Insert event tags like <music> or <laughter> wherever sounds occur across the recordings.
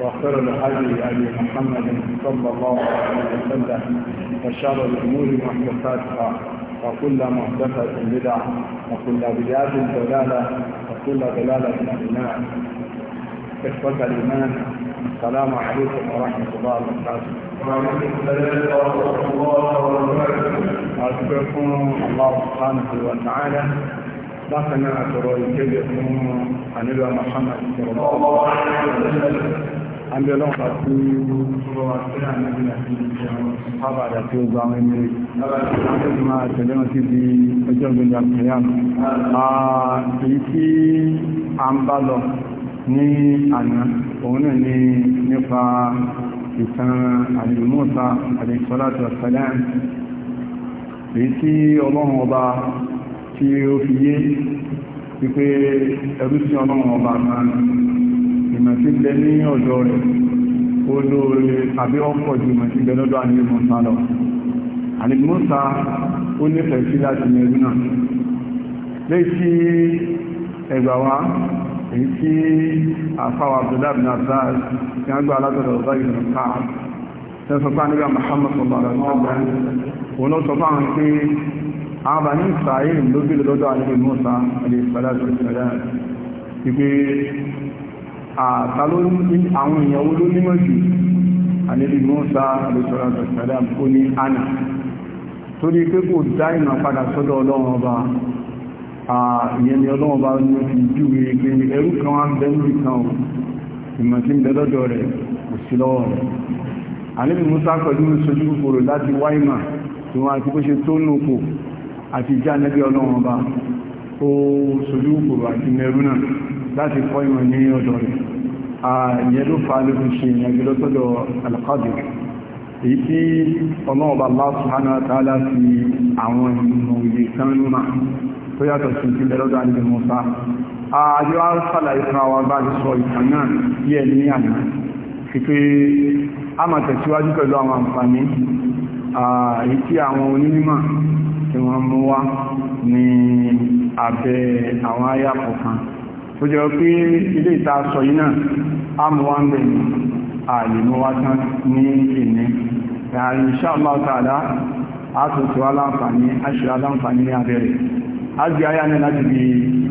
وخير الحدي ابي محمد صلى الله عليه وسلم وشر الامور محدثاتها وكل محدثه بدعه وكل بدعه دلالة وكل ضلاله في النار اخوه الايمان السلام عليكم ورحمه الله وبركاته وعليكم السلام ورحمه الله وبركاته أشكركم الله سبحانه وتعالى لكن ترى الكبير من محمد صلى الله عليه وسلم àbí ọlọ́run bá tí ó wà sí àmì àti ìjẹun pápádà tí ó gba àwọn ẹni rẹ̀. láti ti máa tẹ̀lé wọn sí di ọjọ́ ìgbìyànjú àkìyàn. èyí tí a ń bá lọ ní àná òun náà ní nípa ìtàn àdìmọ́ta àdìsọ́láàtì ọ̀sẹ̀lẹ̀ èyí tí ọlọ́run ọba tí ó fi yé wípé ẹrú sí ọlọ́run ọba kan ìmọ̀ sí bẹ ní ọ̀dọ̀ rẹ̀ olóore àbí ọkọ̀ ju ìmọ̀ sí bẹ lọ́dọ̀ àní Mùsá lọ àní Mùsá ó nífẹ̀ẹ́ sí láti mẹ́rin náà lẹ́yìn tí ẹgbà wa èyí tí àfáwà Abdullahi bin Abbas ti ń gbà látọ̀dọ̀ ọ̀bá ìlú ká tẹ́sọ pé nígbà Muhammad sọ̀bàrà ọ̀bẹ̀ òun ló sọ fáwọn pé àbà ní ìsàáyé ló bí lọ́dọ̀ àní Mùsá àti ìpàdásọ̀ ìpàdásọ̀ àtàlórí àwọn ìyàwó ló nímọ̀ jù àníbi mọ́sá àlùsọ̀rọ̀ àtàlẹ́ àpò ní àná torí pé kò dá ìmọ̀ padà sọ́dọ̀ ọlọ́run ọba ìyẹn ni ọlọ́run ọba ní fi jù rí pé ẹrú kan wá ń bẹ ní ìkan ìmọ̀ tí ń bẹ lọ́dọ̀ rẹ̀ kò sí lọ́wọ́ rẹ̀ àníbi mọ́sá pẹ̀lú sojú kòkòrò láti wá ìmọ̀ tí wọ́n àti bó ṣe tó nù kò àti ìjà nẹ́bí ọlọ́run ọba ó sojú kòkòrò àti mẹ́rú náà láti kọ́ ìmọ̀ ní ọ̀dọ̀ rẹ̀ àyẹ́ ló fa ló fi ṣe ìrìnàjò lọ́sọ́dọ̀ alqadi èyí tí ọlọ́ọ̀bà Allah subhanahu wa ta'ala fi àwọn ìmọ̀ òye kan mà tó yàtọ̀ sí ti lẹ́lọ́dọ̀ àdìdì Musa àjọ alfàlà ìfúnrawa bá ti sọ ìtàn náà àwọn àǹfààní èyí ó jẹ́ pé ilé ìta sọ yìí náà àmúwá ń ní ìní ìrìn insha Allah ta'ala àtúntò aláǹfààní aṣọ aláǹfààní ní abẹ́rẹ̀ a jẹ́ ayá ní láti bí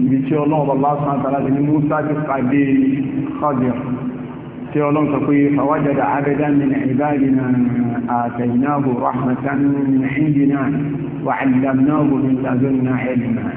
ibi tí ọlọ́ọ̀bọ̀ lásán tààlá ti سيولون تقول فوجد عبدا من عبادنا آتيناه رحمة من عندنا وعلمناه من لدنا علما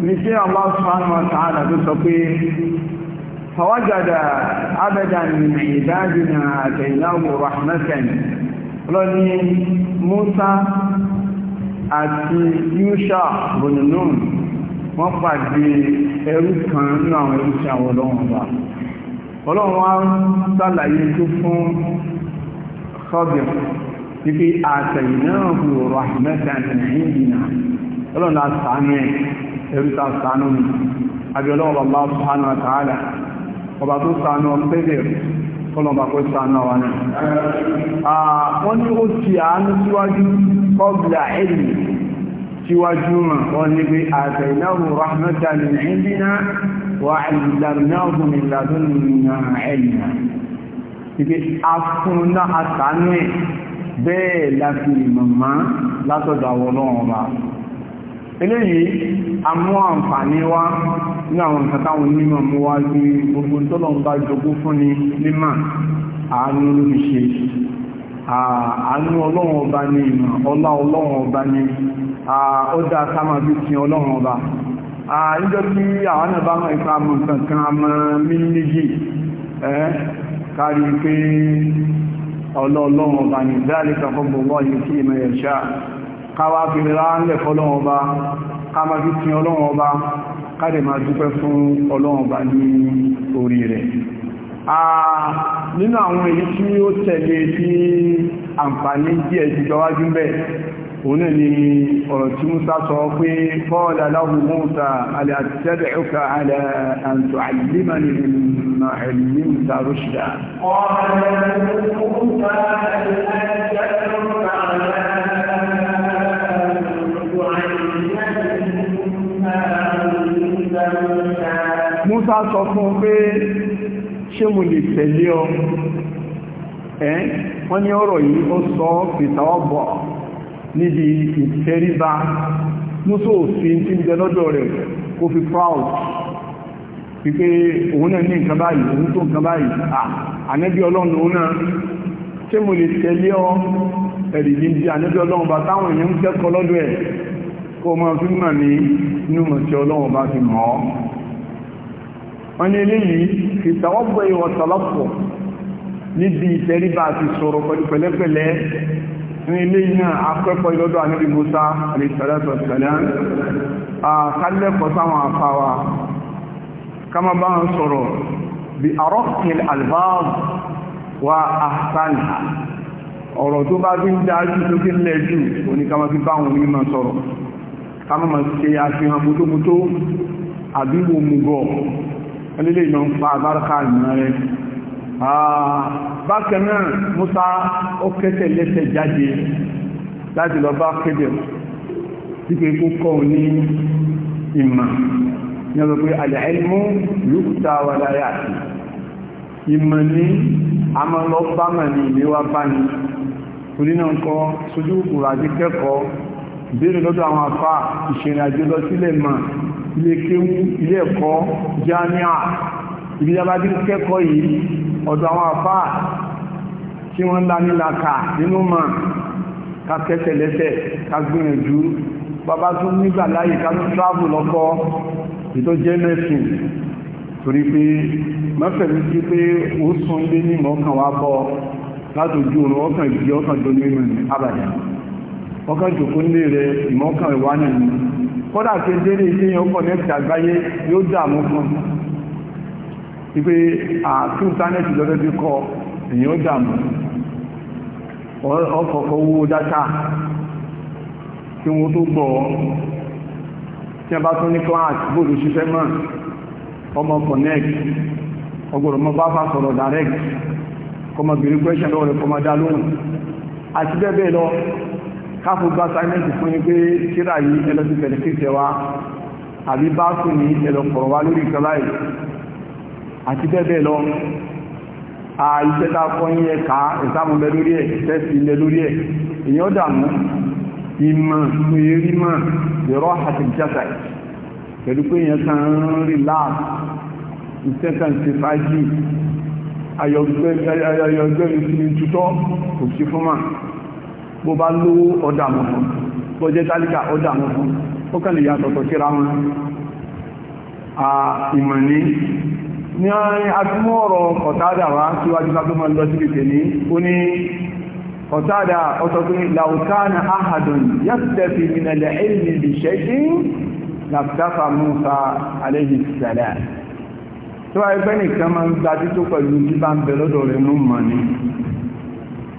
ní ṣe Allah subhanahu wa ta'ala tó sọ pé fawajada abadan min ibadina àtẹ̀yìnáwó rahmatan lọ́ní Musa àti Yusha bonunum wọ́n pàdé ẹrú kan nínú àwọn ẹrú sí àwọn ọlọ́run wa tó fún sọ́bẹ̀ wípé àtẹ̀yìnáwó ẹ̀rù ta sànú mi abẹ́lọ́wọ́ bàbá sànú àtàálà ọba tó sànú ọ̀pẹ́dẹ̀ ọlọ́ba kó sànú àwọn náà wọ́n ní ó ti àánú síwájú kọ́bìlà ẹ̀lì síwájú mọ̀ wọ́n ní pé àtẹ̀lẹ́wò láti ìmọ̀má àwọn ọlọ́run ọba eléyìí amú àǹfààní wá ní àwọn nǹkan táwọn onímọ̀ mú wá sí gbogbo tọ́lọ̀ ń bá jogún fún ni nímà àánú àánú ọlọ́run ọba ni ìmọ̀ ọlá ọlọ́run ọba ni ó dá bí ọba ni káwá fi ráńlẹ̀ fọ́lọ́run ọba ká máa fi tin ọlọ́run ọba ká dẹ̀ máa dúpẹ́ fún ọlọ́run ọba ní orí rẹ̀ nínú àwọn èyí tí ó tẹ̀lé tí àǹfààní díẹ̀ ti jọwájú bẹ̀ òun ọ̀rọ̀ tí Musa sọ pé Musa sọ fún pé ṣé mo lè tẹ̀lé ọ ẹ́ wọ́n ní ọ̀rọ̀ yìí ó sọ pìtàọ́bọ̀ níbi ìtẹríba Musa òfin tí ń jẹ lọ́dọ̀ rẹ̀ kó fi proud wípé òun náà ní nǹkan báyìí òun tó nǹkan báyìí ànẹ́bí ọlọ́run òun náà ṣé mo lè tẹ̀lé ọ ẹ̀rì jíjí ànẹ́bí ọlọ́run bá táwọn èèyàn ń kẹ́kọ̀ọ́ lọ́dọ̀ ẹ̀ kó mọ́ fí mọ̀ ní inú mọ̀ sí ọlọ́run bá fi mọ̀ ọ́ wọ́n ní eléyìí fi tàwọ́pọ̀ ìwọ̀ tọ̀lọ́pọ̀ níbi ìtẹríba àti sọ̀rọ̀ pẹ̀lú pẹ̀lẹ́pẹ̀lẹ́ ní eléyìí náà akẹ́kọ̀ọ́ ìlọ́dọ̀ àníbi Musa alẹ́sàrẹ́sọ̀tẹ̀lẹ́ ọ̀rọ̀ tó bá fi ń dájú tó fi ń lẹ́jù oníkàmà fi bá wọn mímọ̀ sọ̀rọ̀ ká mọ̀ ṣe àfihàn mútómútó àbíwò mú nílé ìlọ ń pa àbáraka ìmọ̀ rẹ̀ bákan náà Musa ó kẹ́tẹ̀ lẹ́sẹ̀ jáde láti lọ bá kéde wípé kó kọ́ ò ní ìmọ̀ ní ọjọ́ pé al-ilmu yukta wa la ya'ti ìmọ̀ ní a máa lọ bá mọ̀ ní ilé wa bá ní torí náà kọ́ sójú kùrà àti kẹ́kọ̀ọ́ ìbéèrè ilé kéwú ilé ẹ̀kọ́ jámíà ibi tí a bá ti kẹ́kọ̀ọ́ yìí ọ̀dọ̀ àwọn àfáà tí wọ́n ńlá nílá kà nínú mọ̀ ká kẹsẹ̀ lẹ́sẹ̀ ká gbìyànjú bàbá tún nígbà láyé ká tún tíráàbù lọ́kọ́ ìtọ́ jẹ́ mẹ́sìn torí pé mẹ́fẹ̀mí sí pé ó sún lé ní mọ́kàn wá bọ́ látòjú òun ọkàn ìdí ọkàn tó ní ìrìn ọkàn jòkó nílé rẹ ìmọ́kàn ìwánà ni kódà kéde ní ilé yẹn ọkọ̀ nẹ́ẹ̀tì àgbáyé yóò dààmú fún wípé àti ìntánẹ́ẹ̀tì lọ́dọ́ bí kọ èyàn dààmú owó dátà tí wọ́n tó gbọ́ tí a bá tún ní class ọmọ connect direct kọmọ káfù bá sáyẹ́ntì fún yí pé kíra yìí ẹlọ́sí tẹ̀lẹ̀kẹ́kẹ́ wa àbí bá fún ní ẹlọ́pọ̀rọ̀ wa lórí ìkọláì àti bẹ́ẹ̀ lọ àìṣẹ́ta kọ́yí ẹ̀ka ìsámúlẹ̀ lórí ẹ̀ tẹ́sì ilẹ̀ lórí ẹ̀ èyàn dàmú ìmọ̀ èrí mọ̀ lẹ́rọ àti ìjásà pẹ̀lú pé èyàn kan rí láàbù iṣẹ́ kan ti fájì ayọ̀gbẹ́ ìtútọ́ kò sí fún máa bó bá lówó ọdá mọ́ fún bó jẹ́ tálíkà ọdá mọ́ fún ó kàn lè yàtọ̀tọ̀ síra wọn ìmọ̀ ní ní àtúmọ̀ ọ̀rọ̀ kọ̀tádà wá síwájú ká tó mọ́ lọ síbi tèmi ó ní kọ̀tádà ọ̀sọ̀ pé làwùkánà áhàdùn yàtẹ̀fì ìmìnàlẹ̀ èyí ìṣẹ́jú làbùdáfà Mùsá alayhi salam tó wáyé fẹ́ nìkan máa ń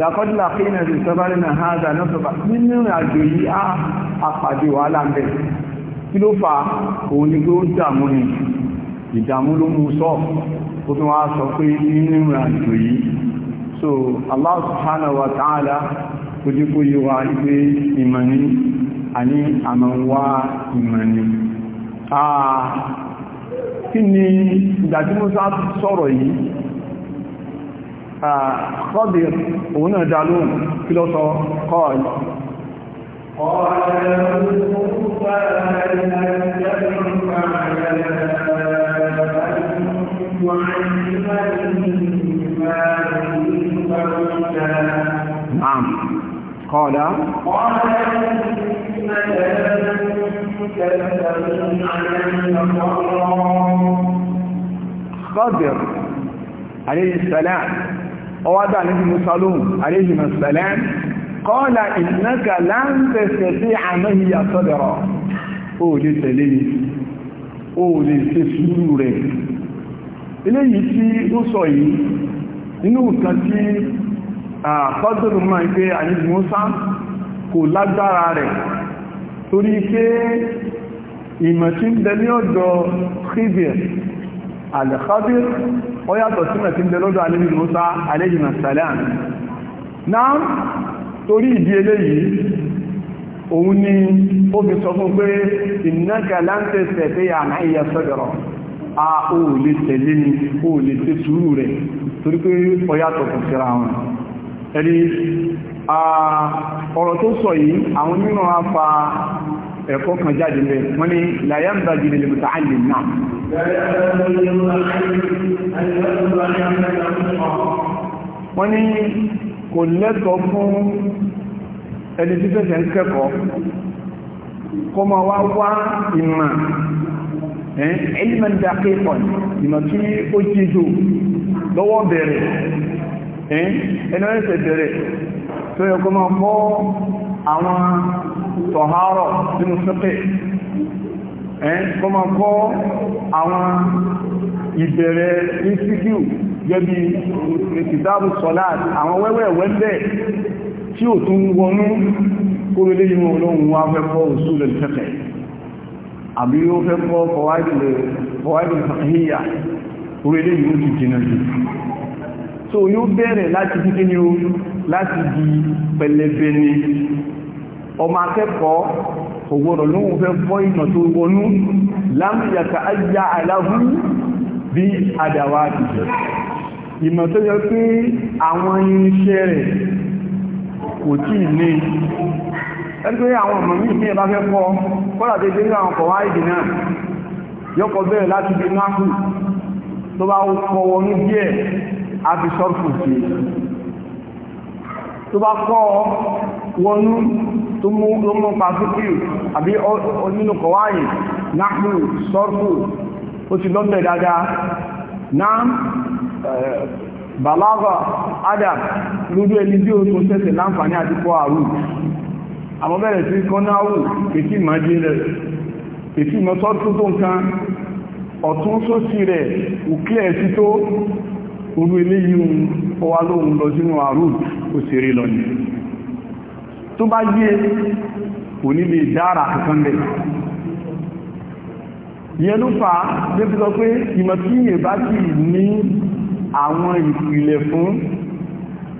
lakọ́dúnlá pé iná ìṣẹ́ bá rí náà hádà náà sọ́bà nínú àjò yìí á àpàdé wàhálà ń bẹ̀ kí ló fa òun ni pé ó dààmú ni ìdààmú ló mú sọ ó tún wá sọ pé nínú àjò yìí so Allah subhanahu wa ta'ala ojú kó yí wa pé ìmọ̀ ni àní àmọ́ wá ìmọ̀ ni kí ni ìgbà خضر وهنا جعلون كلاسة قال قال الموسى لن نتبعك على أن ما نعم قال قال خضر عليه السلام ọwádà níbi musa lóhùn aléhìmọ̀ sẹ̀lẹ́n kọ́ọ̀lá ìnáka láńtẹ̀sẹ̀ sí àmẹ́hìyà sọ́dọ̀rọ̀ ó lè tẹ̀lé ni ó lè ṣe sùúrù rẹ̀ eléyìí tí ó sọ yìí nínú nǹkan tí àkọ́dọ̀rọ̀ máa ń pé àníbi musa kò lágbára rẹ̀ torí pé ìmọ̀ tí ń bẹ ní ọ̀dọ̀ alẹ́kọ́bí ó yàtọ̀ sínà tí ń bẹ lọ́dọ̀ alẹ́bí Musa alayhi salam náà torí ìdí eléyìí òun ni ó fi sọ fún pé ìnáka láńtẹ̀sẹ̀ pé àná ìyà sọ́dọ̀rọ̀ a ó lè tẹ̀lé ni ó lè tẹ́ sùúrù rẹ̀ torí pé ó yàtọ̀ kò síra wọn ẹni ọ̀rọ̀ tó sọ yìí àwọn nínú afa ẹ̀kọ́ kan jáde lẹ wọ́n ní làyàmbá jìnnà lè mọ̀tà àlè náà. wọ́n ní kò lẹ́tọ̀ọ́ fún ẹni tí fẹ́sẹ̀ ń kẹ́kọ̀ọ́ kó máa wá wá ìmọ̀ ẹ̀yìnmọ̀ dákẹ́ pọ̀ ìmọ̀ tí ó jíjò lọ́wọ́ bẹ̀rẹ̀ ẹni ọ̀rẹ́sẹ̀ bẹ̀rẹ̀ tó yẹ kó máa kọ́ àwọn tọ̀hárọ̀ nínú sípẹ̀ ẹ́n kọ́ ma kọ́ àwọn ìbẹ̀rẹ̀ institute gẹ́bí ìtìtàbù sọ́láàt àwọn wẹ́wẹ́wẹ́ bẹ̀ tí ó tún wọnú kórelé yíwọ̀n olóhun wá fẹ́ kọ́ usul al-fiqh àbí ó fẹ́ kọ́ fọwáìdì fàhíyà kórelé yíwọ̀n ti jìnà jù so yóò bẹ̀rẹ̀ láti dídé ní o láti di pẹlẹbẹ ni ọmọ akẹ́kọ̀ọ́ òwòrò ló ń fẹ́ fọ́ ìmọ̀ tó wọnú lámìyàtà ayá aláhùn bí àdàwà àtìjọ ìmọ̀ tó yẹ pé àwọn irinṣẹ́ rẹ̀ kò tí ní ẹgbẹ́ àwọn ọmọ mí ní ẹbá fẹ́ kọ́ kọ́lá tó gbé àwọn kọ̀wá ìdì náà yọ́kọ̀ bẹ̀rẹ̀ láti bí náàkù tó bá kọ́ wọnú díẹ̀ àti sọ́rfù sí tó bá kọ́ wọnú tó mú lọ́mọ pàṣípìrì àbí onínú kọ̀wáyì náàbù sọ́rfù ó ti lọ́tẹ̀ dáadáa náà bàlágà adam lójú ẹni tí ó tó tẹ́sẹ̀ láǹfààní àti pọ́ àrù àmọ́ sí kọ́náwù rẹ̀ tó nǹkan ọ̀tún rẹ̀ tó orú eléyìí lọ sínú àrù tó bá yé kò ní lè dára kankan lẹ̀ yẹn ló fà á débi sọ pé ìmọ̀ tí yẹn bá sì ní àwọn ìpìlẹ̀ fún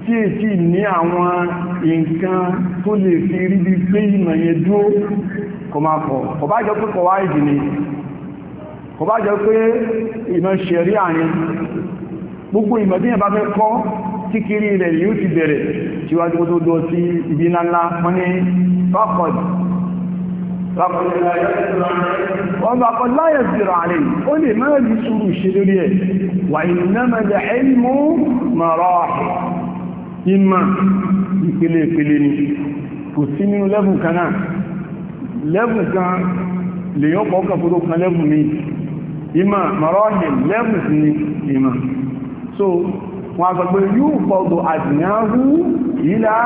tí è tí ní àwọn nǹkan tó lè fi rí bí pé ìmọ̀ yẹn dúró kọ máa pọ̀ kọ bá jọ pé kọwàá ìdì ni kọ bá jọ pé ìmọ̀ ṣẹ̀rí àyẹn gbogbo ìmọ̀ tí yẹn bá fẹ́ kọ́ kíkiri rẹ̀ yóò ti bẹ̀rẹ̀ síwájú tó lọ sí ibi ńláńlá wọ́n ní fákọ̀dì wọ́n bá kọ́ láyẹ̀ zìrò àrẹ ó lè máa rí sùúrù ṣe lórí ẹ̀ wà ìnámẹ́lẹ̀ ẹ̀lmú mọ̀rọ̀ ìmọ̀ ìpele ìpele ni kò sí nínú lẹ́bùn kan náà lẹ́bùn kan lèyàn pọ̀ọ́kàn wọ́n sọ pé yóò fọ́dọ̀ àdìyànrú ìlà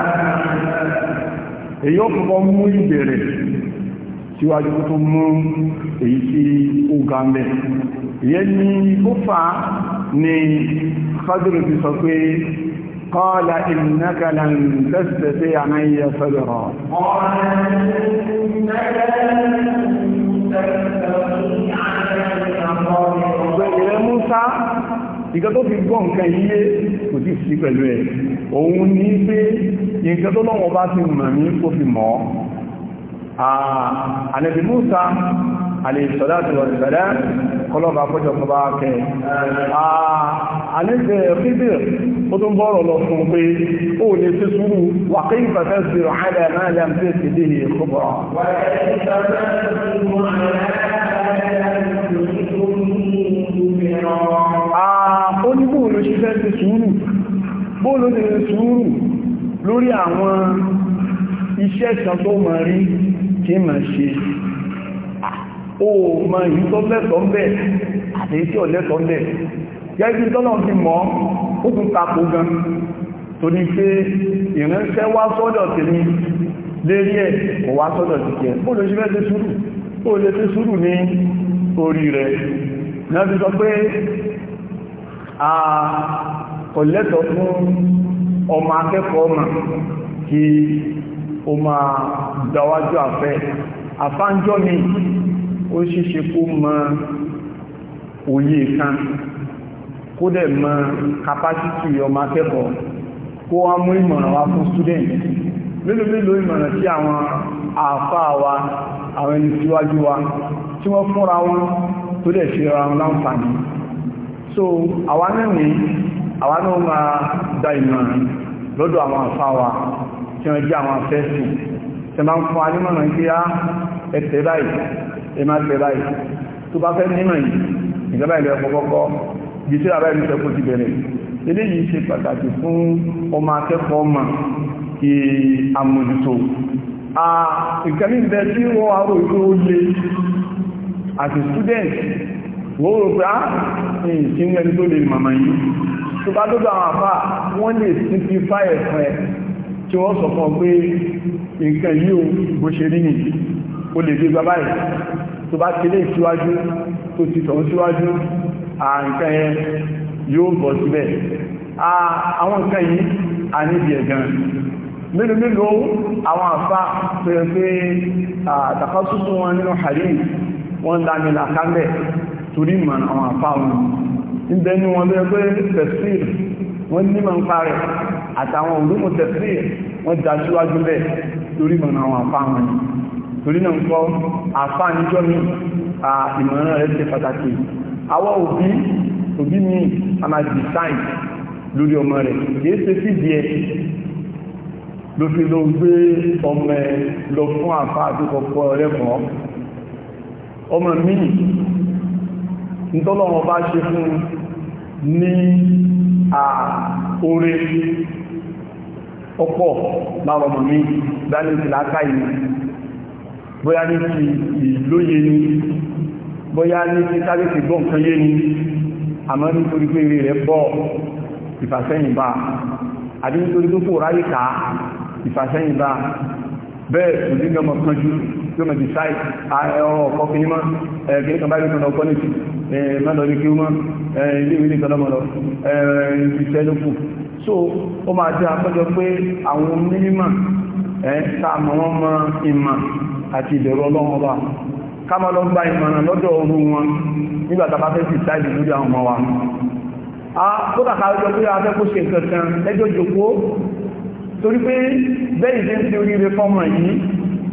èyí ó kọ́kọ́ mú ìbẹ̀rẹ̀ síwájú tó mú èyí tí ó ga mẹ́ ìyẹn ni ó fa ni fádùrù ti sọ pé قال إنك لن تستطيع من nǹkan tó fi gbọ́ nǹkan yíyé kò tí sí pẹ̀lú ẹ̀ òun ní pé nǹkan tó lọ́wọ́ bá ti mọ̀ ní kó fi mọ̀ ànẹ́bì Mùsá àlèṣọ́láti ọ̀rẹ̀sẹ̀lẹ́ kọlọ́bà pọ́jọ kọba kẹ àlẹ́sẹ̀ fídíò ó tún bọ́rọ̀ lọ fún pé ó lè ṣe sùúrù wà kí ìfẹ́fẹ́ sí ọ̀hádà náà Ah sùúrù bóòlò ti ṣe sùúrù lórí àwọn iṣẹ́ kan tó mọ̀ rí kí mà ṣe o ma yìí tó lẹ́tọ̀ọ́ bẹ̀ àti tí ò lẹ́tọ̀ọ́ bẹ̀ gẹ́gí tọ́nà ti mọ́ ó tún tapò gan torí pé ìránṣẹ́ wá sọ́dọ̀ tèmi lérí ẹ̀ kò wá sọ́dọ̀ ti kẹ́ ó lè ṣe fẹ́ ṣe sùúrù ó lè ṣe sùúrù ní orí rẹ̀ náà ti sọ pé kò lẹ́tọ̀ fún ọmọ akẹ́kọ̀ọ́ ọmọ kí o máa dáwájú àfẹ́ àfáńjọ́ ni ó ṣíṣe kó mọ òye kan kó dẹ̀ mọ kapásítì ọmọ akẹ́kọ̀ọ́ kó wá mú ìmọ̀ràn wá fún student mélòó mélòó ìmọ̀ràn tí àwọn àfáà wa àwọn ẹni síwájú wa tí wọ́n fúnra wọn tó dẹ̀ ṣe ra wọn láǹfààní so àwa náà ní àwa náà máa gba ìmọ̀ràn lọ́dọ̀ àwọn àfáwà tí wọ́n jẹ́ àwọn afẹ́sìn tí máa ń fún anímọ̀ràn kí á ah, ẹ̀tẹ̀ báyìí ẹ máa tẹ̀ báyìí tó bá fẹ́ nímọ̀ yìí ìjọba ìlú ẹ̀kọ́ kọ́kọ́ yìí student wọ́n rò pé á ah, ìsinmi ẹni tó lè màmá yìí tó bá dọ́dọ̀ àwọn àfá wọ́n lè simplify ẹ̀fún ẹ̀ tí wọ́n sọ fún pé nǹkan yíò bó ṣe rí nì o lè gbé bàbá ẹ̀ tó bá ti lé tó ti tọ̀ síwájú àǹkan ẹ yóò bọ̀ síbẹ̀ àwọn nǹkan yìí a níbi ẹ̀gàn mélòó mélòó àwọn àfá tó yẹ pé àtàkọ́sùsù wọn nínú hadith wọ́n lámìlà kálẹ̀ torí mọ̀ àwọn àfá wọn níbẹ̀ ní wọn lóyẹ pé tẹ̀síìr wọ́n ní ma ń parẹ̀ àtàwọn olómọ̀ tẹ̀síìr wọ́n já síwájú bẹ̀ torí mọ̀ àwọn àfá wọn torí náà ń kọ́ àfá níjọ́ mi ìmọ̀ràn rẹ̀ ṣe pàtàkì àwọn òbí òbí mi a máa design lórí ọmọ rẹ̀ kìí ṣe fìdí ẹ̀ ló fi lọ gbé ọmọ ẹ lọ fún àfá àti kọ̀kọ́ rẹ̀ kọ́ ọmọ mi nítọ́lọ́wọ́ bá ṣe fún ní àórí ọpọ̀ láwọn ọmọ mi dání ti láká ìlú bóyá ní ti ìlóye ni bóyá ní ti sáré ti gbọ́ nǹkan yé ni àmọ́ nítorí pé eré rẹ̀ pọ̀ ìfàsẹ́yìn bá àbí nítorí tó kò ráyíká ìfàsẹ́yìn bẹ́ẹ̀ yóò mọ̀ decide ọ̀rọ̀ ọ̀kọ́ fi mọ́ kìí kan báyìí kan ọkọ́ nìtì mọ́lọ ní kí ó mọ́ ilé ìwé nìkan lọ́mọ lọ ìfẹ́ ló kù so ó máa jẹ́ àpẹjọ pé àwọn mínímọ̀ ta mọ̀ wọ́n mọ ìmọ̀ àti ìbẹ̀rù ọlọ́run ọba ká máa lọ gba ìmọ̀ràn lọ́dọ̀ ọrú wọn nígbà tá a bá fẹ́ decide lórí àwọn ọmọ wa ó kàkà ọjọ́ pé a fẹ́ kó ṣe nǹkan kan lẹ́jọ́ jòkó torí pé bẹ́ẹ̀ ìdí ń fi oríire fọ́mọ yìí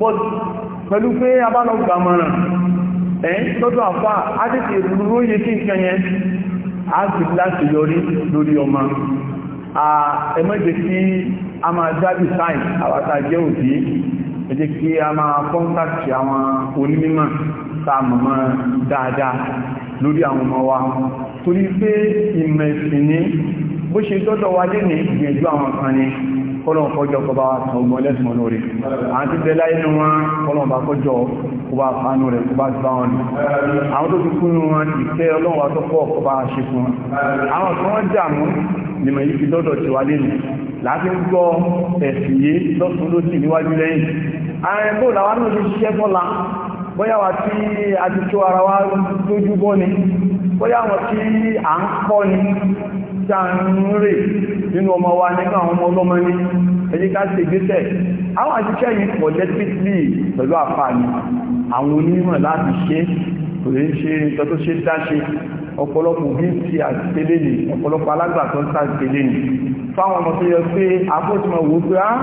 bọ́dù pẹ̀lú pé a bá lọ gbàmọ̀ràn ẹ̀yìn lọ́dọ̀ àfá á tètè lóye kí nǹkan yẹn á sì láti yọrí lórí ọmọ ẹmọ́jẹ́ kí a máa jábì sáì àwátà jẹ́ òbí ẹjẹ́ kí a máa kọ́ntàkì àwọn onímọ̀ sáàmọ̀mọ́ dáadáa lórí àwọn ọmọ wa torí pé ìmọ̀ ìsìn ní bó ṣe tọ́tọ̀ wájé ní ìgbìyànjú àwọn kan ni kọ́lọ̀ kọjọ kọba ọgbọ̀n lẹ́sùn lórí àwọn tí bẹ láyé wọn kọ́lọ̀ bá kọjọ kọba fánú rẹ̀ kọba ti bá wọn ní àwọn tó ti kúnnú wọn ìfẹ́ ọlọ́wà tó pọ̀ kọba ṣe fún wọn àwọn tó wọ́n jà mú nìmọ̀ yìí fi dọ́dọ̀ ti wálé nì láti tá ń rè nínú ọmọ wa nínú àwọn ọmọ ọlọ́mọ ní ẹjẹ́ ká ṣe gbésẹ̀ àwọn àṣìṣẹ́ yìí collectively pẹ̀lú àfààní àwọn onímọ̀ láti ṣe kò lè ṣe nǹkan tó ṣe dáṣe ọ̀pọ̀lọpọ̀ bí ti àtìlẹ́ ní ọ̀pọ̀lọpọ̀ alágbàtọ́ sàtìlẹ́ ní fáwọn ọmọ tó yẹ pé afọ́tímọ̀ wò pé á ah,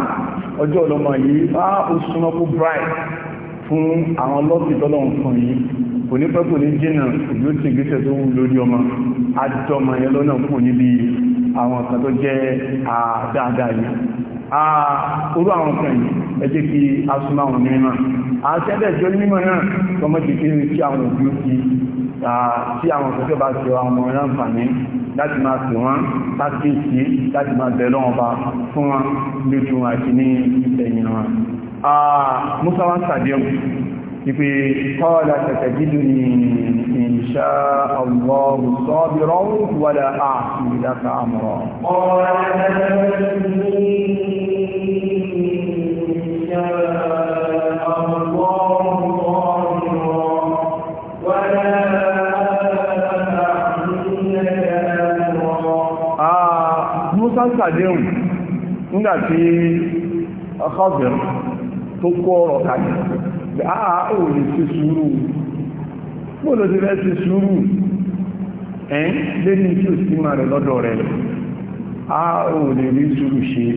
ọjọ́ ọlọ́mọ yìí á ah, ó súnmọ́ bright fún àwọn lọ́sì tọ́lọ́ nǹkan yìí kò ní pẹ́ kò ní jìnà yóò ti gbíṣẹ́ tó wù lórí ọmọ àjọmọ̀ yẹn lọ́nà kò níbi àwọn kan tó jẹ́ àdáadáa yìí orú àwọn kan yìí ẹ kí a súnmọ́ àwọn mímọ̀ àṣẹ́bẹ̀ tí ó mímọ̀ náà tọmọ ti kéré tí àwọn òbí ó ti tí àwọn òṣèṣẹ́ bá ṣe àwọn ọmọ náà fàní láti máa pè wọ́n láti sí láti máa bẹ̀ lọ́wọ́ bá fún wọn lójú àti ní ẹ̀yìn wọn. musa wa sàdéhùn ìpè kọ́ọ̀lá tẹ̀tẹ̀jídù ní ìṣà ọlọ́rù sọ́bìrọ̀ wọ́lá àti ìdáka àmọ̀rọ̀. Musa ń sàdéhùn nígbàtí ọkọ̀ ọ̀bẹ̀rún ọ̀rọ̀ kàkì pé àà ah, ò lè ṣe sùúrù bó ló ti fẹ́ ṣe sùúrù ẹ̀ lé ní tí ò sí máa rẹ̀ lọ́dọ̀ rẹ̀ àà ah, ò lè rí sùúrù ṣe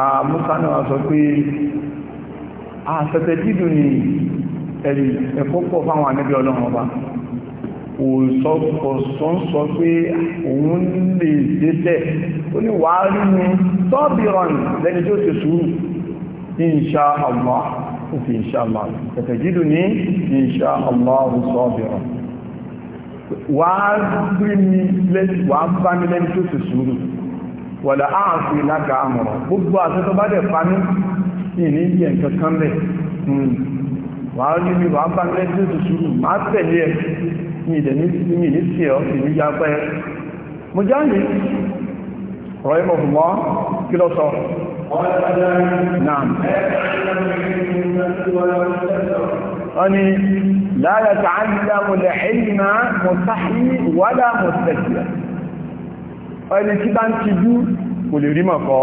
àmúta ah, náà sọ pé àṣẹ̀tẹ̀ dídùn ni ẹ̀rì ẹ̀kọ́ pọ̀ fáwọn àníbí ọlọ́run ọba òsọ́n sọ pé òun lè dẹ́sẹ̀ ó ní Allah kún fi insha Allah satajiduni insha Allah sabira wà á rí mi lẹ́yìn wà á bá mi lẹ́yìn tó sì sùúrù wọ̀lá ààfin lága àmọ̀ràn gbogbo àtọ́tọ́ bá dẹ̀ paní ní ní ìyẹ̀ ni, kan bẹ̀ hmm. wà á rí mi wà á bá mi ya pẹ́ mo jáde rọ̀ ẹ́ mọ̀ fún mọ́ Naam. Wọ́n ni láyé tààlà mọ̀lẹ̀ ìlmà mọ̀sáhí wádà mọ̀sẹ̀kìlẹ̀. Ẹni tí bá ń ti jú kò lè rí mọ̀kọ́,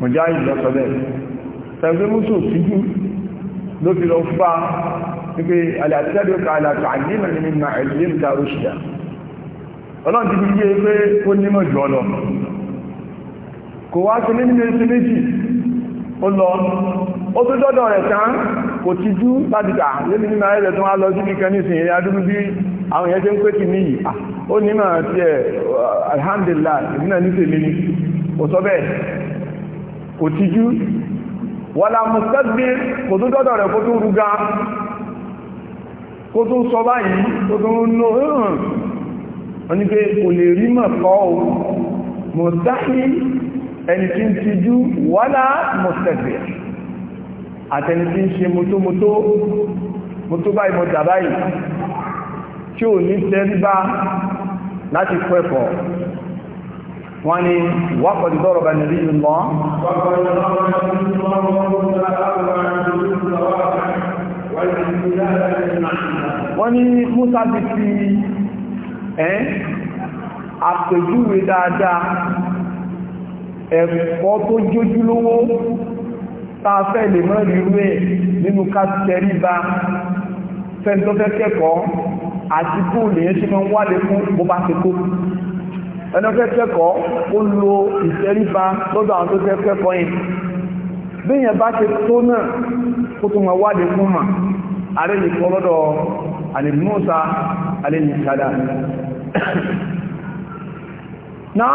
mọ̀ já ìjọsọ̀lẹ̀. Tẹ̀gbé Mùsù ti jú ló fi lọ fà wípé alàtẹ́lẹ́kà kò wá sí nínú ìsìn méjì ó lọ ó tó dọ́dọ̀ rẹ̀ tán kò ti jú látìkà lórí nínú ayẹ́rẹ̀ tó wá lọ sí kíkẹ́ ní ìsìn ìrìn bí àwọn èèyàn ṣe ń pè ah, ni kò sọ bẹ́ẹ̀ kò ti jú wọ́la mùsẹ́gbé kò tó rẹ̀ kó tó rú ga kó tó sọ báyìí kó tó ẹni tí ń tijú wala mustakbir àtẹni tí ń ṣe mọ́tómọ́tó mọ́tó báyìí mọ́tà báyìí tí ò ní tẹ́ríbá láti kọ́ ẹ̀kọ́ wọ́n ni waqad daraba nabiyullah wọ́n ni Musa ti fi ẹ́ àpèjúwe dáadáa ẹ̀kọ́ tó jójúlówó tààfẹ́ lè mọ́ irú ẹ̀ nínú kásìtẹ̀rí bá fẹ́ntọ́fẹ́ kẹ́kọ̀ọ́ àti kó lè ṣe mọ́ wálé fún bó bá ti kó ẹnọ́fẹ́ kẹ́kọ̀ọ́ ó lo ìtẹ̀rí bá lọ́dọ̀ àwọn tó fẹ́ kẹ́kọ̀ọ́ yìí bí yẹn bá ti tó náà kó tó mọ́ wálé fún mà ààrẹ nìkan lọ́dọ̀ àlèmúsà àlèmísàdà <coughs> náà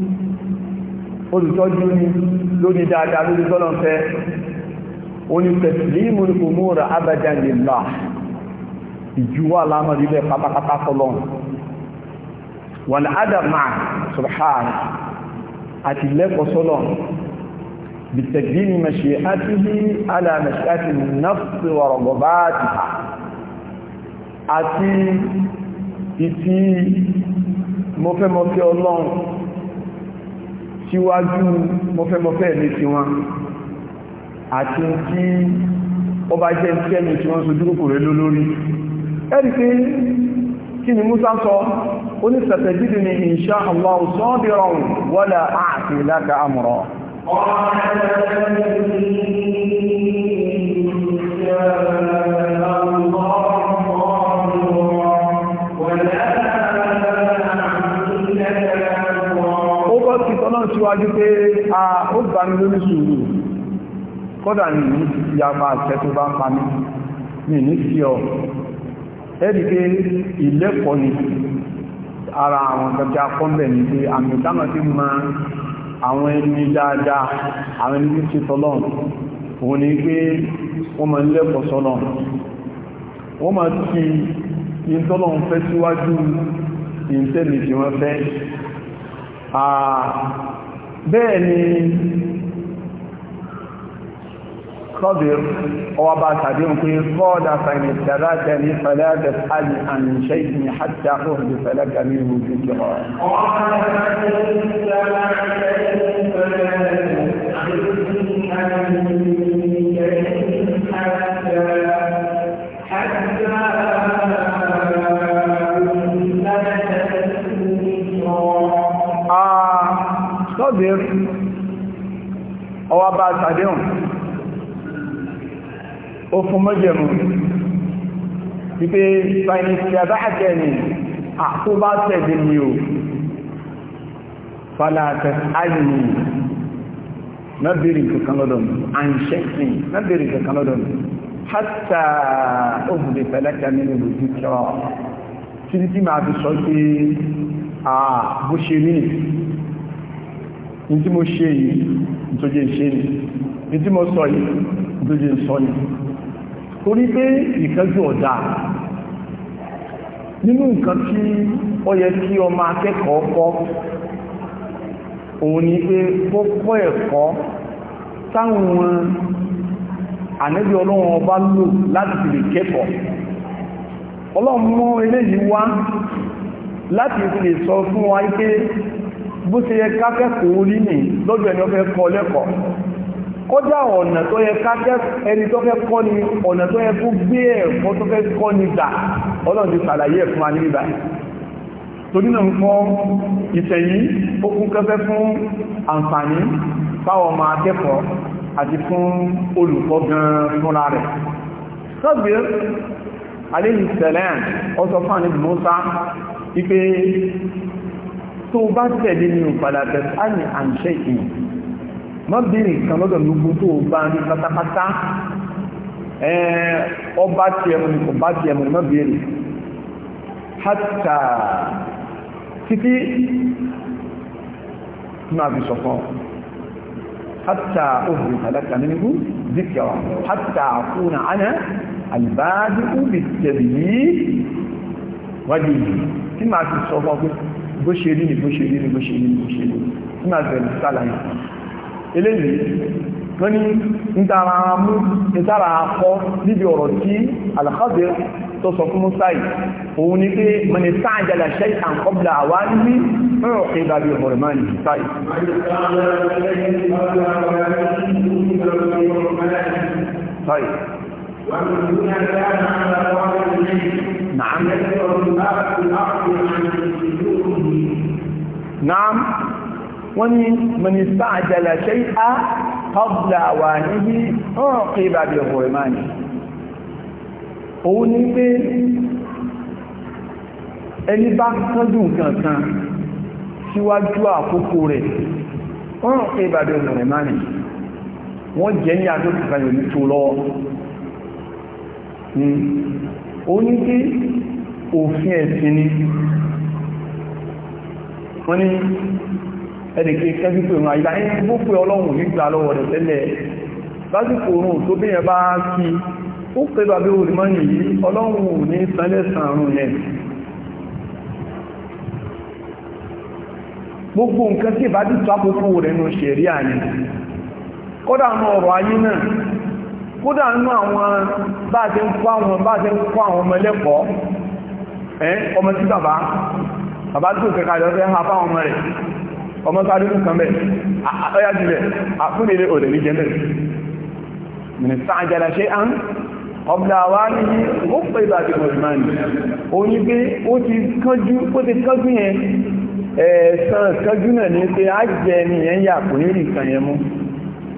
olùtọ́jú ní lórí dáadáa lórí tọ́lọ́fẹ́ onítẹ̀sílímù ní òmúra abadan lèlá ìjúwà lámà rí bẹ́ pátápátá tọ́lọ́n wal adama subhan àti lẹ́kọ̀ọ́ sọ́lọ́n bìtẹ̀gbìnì mashi'atihi ala mashi'ati nafsi wa raghabatiha àti ìtí síwájú mọ́fẹ́mọ́fẹ́ ní tiwọn àti tí ó bá jẹ́ ìṣẹ́mi tí wọ́n sojú kòkòrò ló lórí ẹ̀rí pé kí ni Musa sọ ó ní sàtẹ̀jídì ni insha Allah sabiran wala a'ti laka amra ọ̀rọ̀ ọlọ́run síwájú pé a ó gbà mí lórí sùúrù kọ́dà ní ní ìyapa àṣẹ tó bá ń pa ní ní sí ọ ẹ́rì pé ìlẹ́kọ̀ọ́ ni ara àwọn tọ́jà pọ́ńbẹ̀ ní pé àmì ìdámọ̀ sí ma àwọn ẹni dáadáa àwọn ẹni tí tọ́lọ́n òun ni pé bẹ́ẹ̀ ni kọ́bìr ọwọ́ bá tàbí ń pín fọ́ọ̀dá fàyẹ̀ tàbátẹ̀ ní fẹ́lẹ́gẹ̀ fàyẹ̀ àmì ṣe ìpín hàtà òhùrù fẹ́lẹ́gẹ̀ ní ìwòjú jọ fọ́bìr ọwá bá sàdéhùn ó fún mọ́jẹ̀mù wípé fàìníṣì àbáhàkẹ́ ni àkó bá tẹ̀dé mi ò fàlàtẹ̀ àyìnì mẹ́bìrì kankan lọ́dọ̀ mi àìṣẹ́sìn mẹ́bìrì kankan lọ́dọ̀ mi hátà òbùdè pẹ̀lẹ́kẹ́ nínú ìlú kíkọ́ títí máa fi sọ pé àà bó ṣe rí ní tí mo ṣe yìí tó jẹ́ ṣe ní ní tí mo sọ yìí tó jẹ́ sọ ní torí pé ìkẹ́jú ọ̀dá nínú nǹkan tí ó yẹ kí ọmọ akẹ́kọ̀ọ́ kọ́ òun ni pé kókó ẹ̀kọ́ táwọn ànẹ́bí ọlọ́run ọba lò láti fi lè kẹ́kọ̀ọ́ ọlọ́run mọ́ eléyìí wá láti fi lè sọ fún wa pé bó ṣe yẹ kákẹ́kọ̀ọ́ rí nì lọ́dọ̀ ẹni ọfẹ́ kọ lẹ́kọ̀ọ́ kọjá ọ̀nà tó yẹ kákẹ́kọ̀ọ́ tó fẹ́ kọ́ ni ọ̀nà tó yẹ kó gbé ẹ̀kọ́ tó fẹ́ kọ́ ni gbà ọlọ́run ti ṣàlàyé ẹ̀ fún wa níbi báyìí torí náà ń kọ́ ìṣẹ̀yìn ó kún kẹfẹ́ fún àǹfààní fáwọn ọmọ akẹ́kọ̀ọ́ àti fún olùkọ́ gan-an fúnra rẹ̀ sọ́gbé aléyìí sẹ̀lẹ̀ ọ̀sọ̀ fún àníbì wípé tó bá tẹ̀lé nínú padà tẹ̀lé á ní àǹṣẹ́ ìyìn má bèèrè nǹkan lọ́dọ̀ lógbó tó bá ní pátápátá ọba tí ẹmu ní kò bá tí ẹmu ní má bèèrè hátà títí máa fi sọ̀kan hátà òhùrù àdáka nínú díkẹ̀wà hátà bó ṣe rí ni bó ṣe rí ni bó ṣe rí ni bó ṣe rí nígbà bẹ̀rẹ̀ sálàyé eléyìí wọ́n ní ìtara mú ìtara akọ́ níbi ọ̀rọ̀ tí alhazir tó sọ fún musa'i òun ni pé mẹ́ni sáàjẹ́lá ṣe àkọ́bla àwá níbi mẹ́rọ̀ Sorry. نعم نعم ومن استعجل شيئا قبل أوانه عوقب بغرمان òun ni pé ẹni bá kánjú kankan síwájú àkókò rẹ̀ wọ́n rọ̀ pé ìbàdàn ìrìnmáà ni wọ́n jẹ́ ní àjọ́ ìfàyè ní tó lọ́wọ́ ni ó ní kí òfin ẹ̀sìn ni wọ́n ní ẹ̀dẹ̀kẹ́ kẹ́sí ìrìn àyíká ẹni bó pé ọlọ́run nígbà lọ́wọ́ rẹ̀ tẹ́lẹ̀ lásìkò oòrùn tó bí yẹn bá kí ó pẹ̀lú abẹ́ olùmọ́nì yìí ọlọ́run ní sánlẹ̀sàn àrùn kódà nínú àwọn bá ti ń kọ́ àwọn bá ti ń kọ́ àwọn ọmọ ẹlẹ́kọ̀ọ́ ẹ́ ọmọ tí bàbá bàbá tó kẹka lọ fẹ́ hapá ọmọ rẹ̀ ọmọ sáré kan bẹ́ẹ̀ ọyá jùlẹ̀ àfúnilé ní ó pè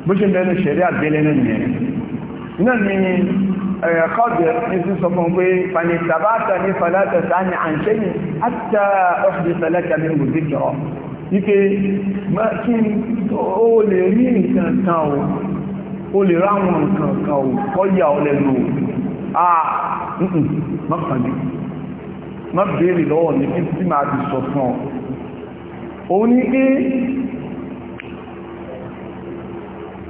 bó ṣe bẹnu ṣẹ̀rí àgbélẹ́nu nìyẹn náà ni ẹ̀kọ́bẹ̀ eh, ní sí sọ fún pé fanìtàbátà ní falata sáàni àṣẹ́yìn àtà ọ̀fẹ́ falata ní òdí jọ wípé kí o lè rí nǹkan kan o o lè ráwọn nǹkan kan o kọ́yà ọ lẹ́nu o ah mọ́kànlẹ̀ má béèrè lọ́wọ́ ní kí tí máa ti sọ fún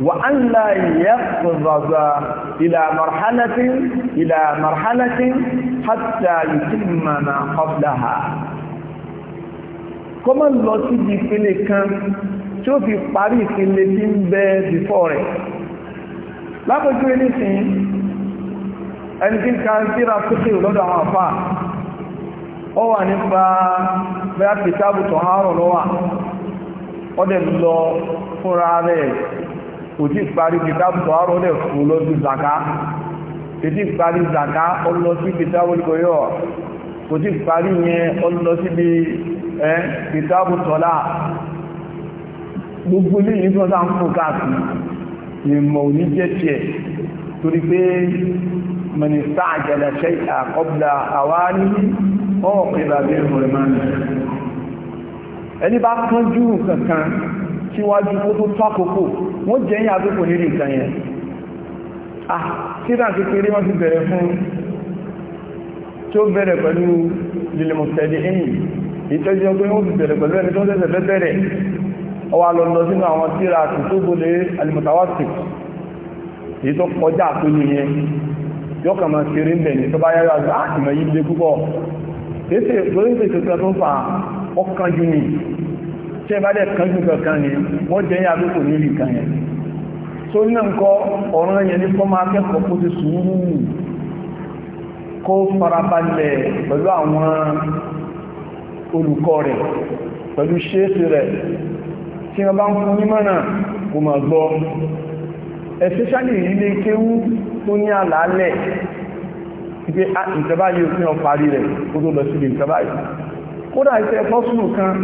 وألا يقفز إلى مرحلة إلى مرحلة حتى يتم ما قبلها kó má lọ síbi ìpele kan tí ó fi parí ìpele tí ń bẹ bífọ́ rẹ̀ lápòjú nísìn ẹni tí ká ń síra sókè lọ́dọ̀ àwọn àfà ó wà nípa bẹ́ẹ̀ pẹ̀tàbùtọ̀ àárọ̀ lọ́wà ó dẹ̀ lọ fúnra rẹ̀ kò tí parí kìtàbù tọ́rọ lẹ̀ kò lọ sí zaka kò tí parí zaka ó lọ sí kìtàbù kòyọ́ kò tí parí yẹn ó lọ sí bí ẹ́ kìtàbù tọ́lá gbogbo ilé yìí tó sáà ń fò káàkiri ìmọ̀ òní torí pé mẹ́nìsá àjẹlẹ̀ àkọ́bla àwárí ọ̀pẹ̀lẹ̀ ẹni bá kánjú kankan kí wájú kó tó tó àkókò wọ́n jẹ́ yìn àkókò nínú ìtàn yẹn ah tírà kékeré wọ́n ti bẹ̀rẹ̀ fún tí ó bẹ̀rẹ̀ pẹ̀lú lilimọ̀tẹ̀dì ẹ̀yìn ìtọ́jú ọgbẹ́ wọ́n ti bẹ̀rẹ̀ pẹ̀lú ẹni tó ń tẹ́sẹ̀ bẹ̀rẹ̀ ọwà lọ́lọ́ sínú àwọn tírà àti tó bó lé alimọ̀tàwásì èyí tó kọjá àpéyìn yẹn yóò kà máa ṣeré ń bẹ̀ ní tó bá yára àti mẹ́yìn lé púpọ̀ kéèsè tó ń pèsè tó ń fa tí ẹ bá dẹ̀ kan jù kankan ni wọ́n jẹ́ yà lókò níbi kan yẹn tó ní ǹkọ́ ọ̀ràn yẹn ní fọ́mọ akẹ́kọ̀ọ́ kó ti sùúrù kó farabalẹ̀ pẹ̀lú àwọn olùkọ́ rẹ̀ pẹ̀lú ṣéèsì rẹ̀ tí wọ́n bá ń fún nímọ̀nà kò mọ̀ gbọ́ especially ilé kéwú tó ní àlàálẹ̀ pé ìjọba yóò fi hàn parí rẹ̀ kó tó lọ sí ìjọba yìí kódà iṣẹ́ fọ́sùn kan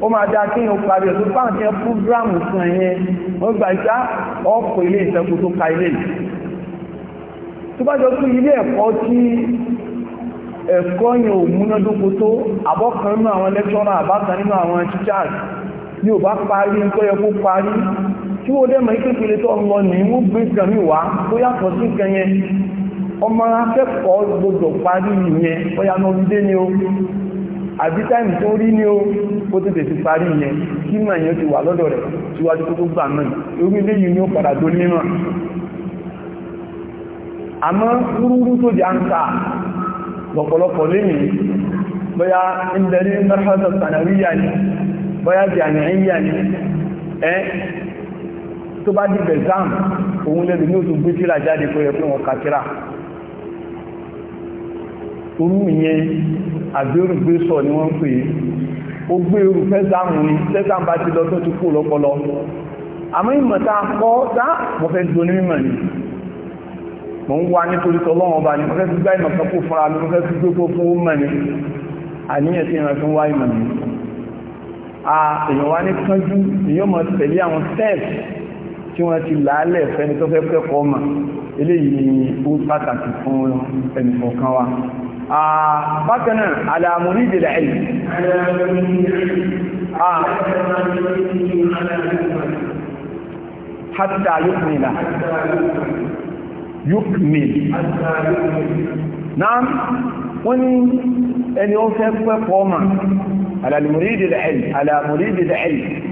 ó máa dá kí yóò parí ọdún fáǹtí ẹ púrógrámù fún ẹ̀yẹn wọ́n gbà ìṣá ọkọ̀ ilé ìṣẹ́kù tó ka ilé tó bá jọ pé ilé ẹ̀kọ́ tí ẹ̀kọ́ yẹn ò múnádókó tó àbọ́kan nínú àwọn lẹ́kṣọ́rọ̀ àbákan nínú àwọn teachers yóò bá parí nǹkan yẹ kó parí tí ó dẹ́mọ̀ ìpínlẹ̀ tó ń lọ ní mú gbé ìkàmí wá tó yàtọ̀ sí nǹkan yẹn ọmọ akẹ́kọ̀ọ́ gbọdọ̀ parí ìyẹn ọya náà ń dé o àbí táìmù tó rí ní o ó tó tètè parí yẹn kí mọ̀ yẹn ti wà lọ́dọ̀ rẹ̀ síwájú tó tó gbà náà orí ilé yìí ni ó padà tó nímọ̀ àmọ́ rúrú tó jà ń ta lọ́pọ̀lọpọ̀ lẹ́yìn bóyá ń bẹ̀rí mẹ́rẹ́fẹ́sọ sànàríyà ni bóyá jàmìíyà ni ẹ́ tó bá dìbẹ̀ záàmù orú ìyẹn àgbérùgbé sọ ni wọ́n ń pè ó gbé orú fẹ́sàmù ni fẹ́sàmù bá ti lọ tó ti kó lọ́pọlọ àmọ́ ìmọ̀ta kọ́ tá mo fẹ́ do ní mímọ̀ ni mo ń wá nítorí tọ́lọ́wọ́n bá ní mo fẹ́ fi gbá ìmọ̀ kan kó fúnra mi mo fẹ́ fi gbé kó fún ó mọ̀ ni àníyàn tí ìrìn fún wá ìmọ̀ ni a èèyàn wá ní kánjú èèyàn mọ̀ tẹ̀lé àwọn steps tí wọ́n ti làálẹ̀ fẹ́ni tó fẹ́ kẹ́kọ̀ọ́ mọ̀ eléyìí ni ó pàtàkì fún ẹnìkọ̀ọ̀kan wa آه، بكنا على مريد العلم آه، حتى يكمل يكمل نعم وني ان يوسف قوما على المريد العلم على مريد العلم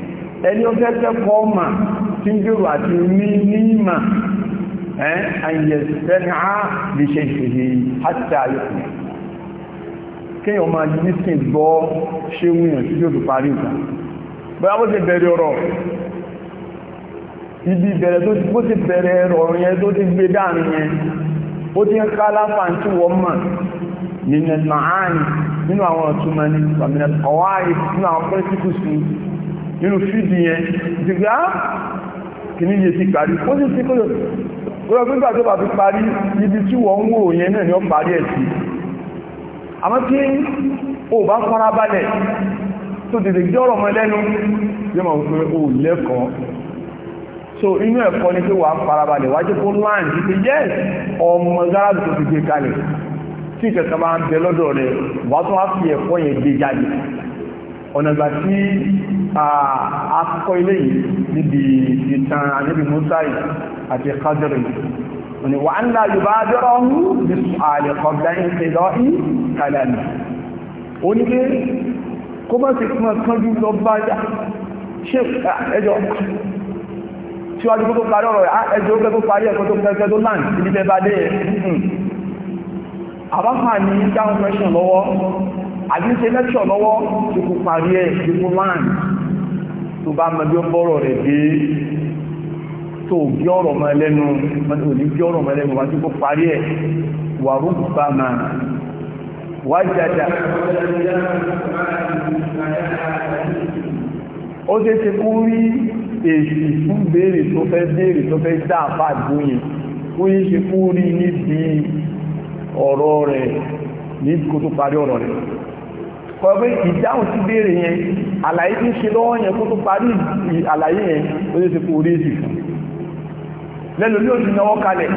ان يوسف قوما تنجر وتنميما إيه، ان يستمع لشيخه حتى يكمل kéèyàn máa lísìn gbọ́ ṣe wúyàn tí yóò fi parí ìgbà bóyá bó ṣe bẹ̀rẹ̀ ọ̀rọ̀ ibi ìbẹ̀rẹ̀ tó bó ṣe bẹ̀rẹ̀ ọ̀rọ̀ yẹn tó ti gbé dáàrin yẹn ó ti ń ká láfàá tí wọ́n mọ̀ nínú màáni nínú àwọn ọ̀túnmọ̀ ní pàmìnà ọ̀wáyé nínú àwọn principles ní nínú fídì yẹn ti gbá ah, kìíní yẹ ti parí ó sì ti kúrò gbogbo gbígbà tó bá fi parí ibi tí wọ́n ń wò yẹn náà ni ó parí ẹ̀ sí àmọ́ tí o bá fara balẹ̀ tó dìde jẹ́ ọ̀rọ̀ mọ́ lẹ́nu yẹ́ ma wípé o lẹ́kọ̀ọ́ so inú ẹ̀kọ́ ni pé wà fara balẹ̀ wájú kó láàrín ti jẹ́ ọmọ gáràbì tó ti gbé kalẹ̀ tí ìkẹta bá ń bẹ lọ́dọ̀ rẹ̀ wà tó wá fi ẹ̀kọ́ yẹn gbé jáde ọ̀nà ìgbà tí akọ́ ilé ni wà ń la yorùbá dọ́rọ̀ ń bí àlè kọ̀ọ̀dá ń ṣe lọ í kàlẹ́ mi ó ní pé kó má ti kún ọkànjú lọ bá dá ṣe ẹjọ́ síwájú kó tó parí ọ̀rọ̀ ẹjọ́ ó fẹ́ tó parí ẹ̀kọ́ tó fẹ́ tó láǹ níbi tẹ́ bá dé ẹ̀ àbáfà ní dáhùn fẹ́ṣàn lọ́wọ́ àbí ṣe lẹ́ṣọ̀ lọ́wọ́ tó kó parí ẹ̀ tó láǹ tó bá mọ bí ó bọ́rọ̀ rẹ̀ tó bí ọ̀rọ̀ mọ́ ẹlẹ́nu òní bí ọ̀rọ̀ mọ́ ẹlẹ́nu wájú kó parí ẹ̀ wà rúbà máa wá jàjà ó ṣe ṣe kú rí èsì fún béèrè tó fẹ́ béèrè tó fẹ́ dá àpá àgbóyìn ó yí ṣe kú rí níbi ọ̀rọ̀ rẹ̀ ní kó tó parí ọ̀rọ̀ rẹ̀ kọ̀wé ìdáhùn sí béèrè yẹn àlàyé tí ń ṣe lọ́wọ́ yẹn kó tó parí àlàyé yẹn ó ṣe ṣe kú rí èsì fún lẹ́lò ní òsì náwọ́ kalẹ̀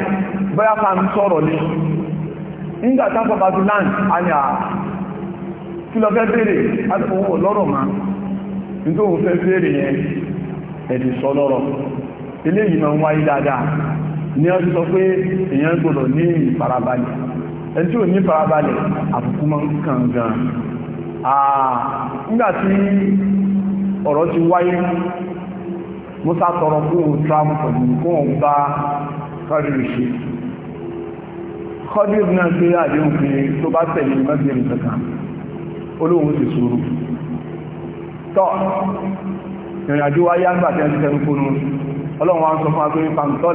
bóyá fa ń sọ̀rọ̀ ní nígbà tápọ̀ bá àyà kí lọ fẹ́ bèèrè àtìfowó lọ́rọ̀ yẹn ẹ̀dì sọ lọ́rọ̀ eléyìí máa ń wáyé dáadáa ní ọ sọ pé èèyàn gbọ́dọ̀ ní ìfarabalẹ̀ ẹni tí ò ní ìfarabalẹ̀ àbùkù máa ń nígbà ti wáyé musa tọrọ fún òun travel pẹ̀lú fún òun bá kọ́dìrì ṣe kọ́dìrì náà gbé àdéhùn pé tó bá tẹ̀lé mẹ́gbẹ̀rún kankan olóhùn sì sùúrù tọ́ ìrìnàjò wáyé àgbà tẹ́ ti tẹ́rù fún un ọlọ́run wọn sọ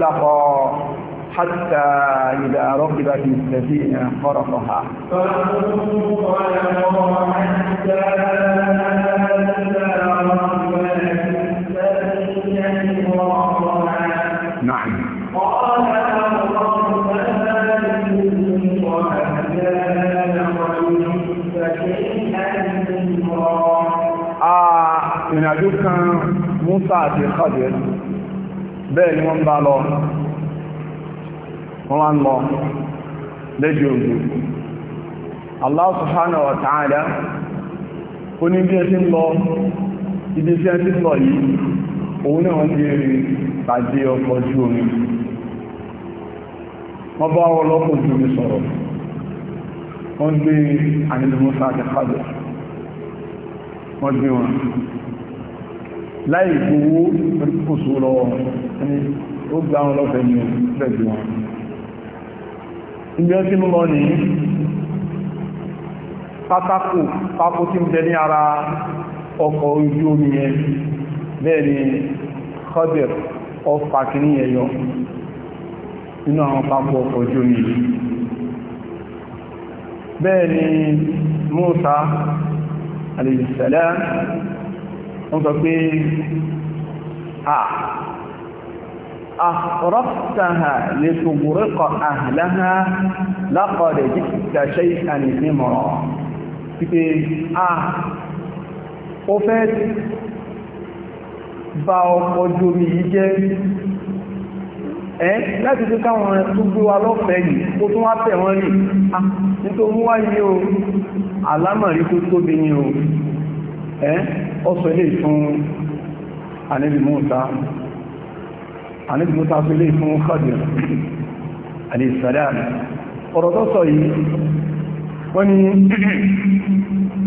Musa àti Khadir bẹ́ẹ̀ ni wọ́n bá lọ wọ́n wá ń lọ lẹ́jì ogun Allah subhanahu wa ta'ala ó ní bí ẹ ti ń lọ ibi tí ẹ ti lọ yìí òun náà ti rí pàdé ọkọ̀ ojú omi wọ́n bá wọ́n lọ́pọ̀ ojú omi sọ̀rọ̀ wọ́n gbé ànílùmọ́sá àti Khadir wọ́n gbé wọn láì gbowó kòsò lọ́wọ́ ó gbá wọn lọ́fẹ́ ní bẹ̀bẹ̀ wọn ibi ọtí mọ́ ní pátákò pápó tí ń bẹ ní ara ọkọ̀ ojú omi yẹn bẹ́ẹ̀ ni kọ́dẹ̀ inú àwọn pápó ọkọ̀ ojú omi bẹ́ẹ̀ ni Mùsá alayhi wọ́n sọ pé أخرفتها لتغرق أهلها لقد جئت شيئا إمرا pípé a ó fẹ́ ba ọkọ̀ ojú omi yìí jẹ́ ẹ́ láti tí káwọn ẹ̀ tó gbé wa lọ́fẹ̀ẹ́ yìí ó tún wá tẹ̀ wọ́n rí nítorí wáyé o alámọ̀rí tó tóbi ni o ẹ́ ọ́sọ̀ ilé fún Ànábì Mùsá Ànábì Mùsá sọ ilé fún Khadir alayhi salam ọ̀rọ̀ tó sọ yìí wọ́n ni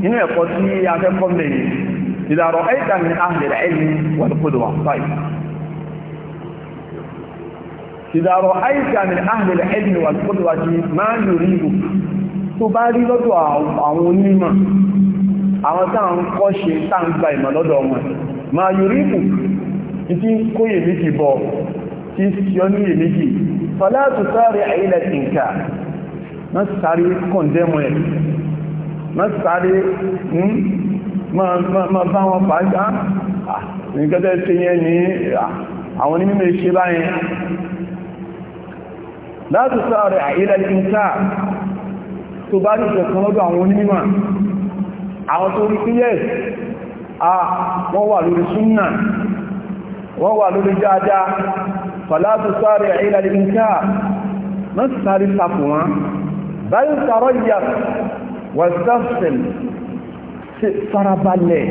inú ẹ̀kọ́ tí a fẹ́ kọ́ ìdàrọ̀ ẹ́ta ní àhìlẹ̀ ẹni wal qudwa báyìí إذا رأيت من أهل العلم والقدوة ما يريدك تبالي لدعاء عوني من àwọn táà ń kọ́ ṣe táà ń gba ìmọ̀ lọ́dọ̀ ọmọ ma yoríkù tí ń kó yèméjì bọ̀ tí yọ ní yèméjì fàlátù sáré àìlẹ̀ ìǹkà ma na kọ̀ndẹ́mù ẹ̀ ma sáré ma hmm, bá wọn pàájá nìkẹ́tẹ́ ṣe yẹn ní àwọn onímọ̀ ìṣe báyẹn látù sáré àìlẹ̀ àwọn tó rí píyẹ̀ à wọ́n wà lórí súnnà wọ́n wà lórí dáadáa fàlátù sáré àìlàlẹ̀ ìkà wọ́n sáré sàpù wọn báyìí sàrọ̀ ìyà wàstáfẹ́l farabalẹ̀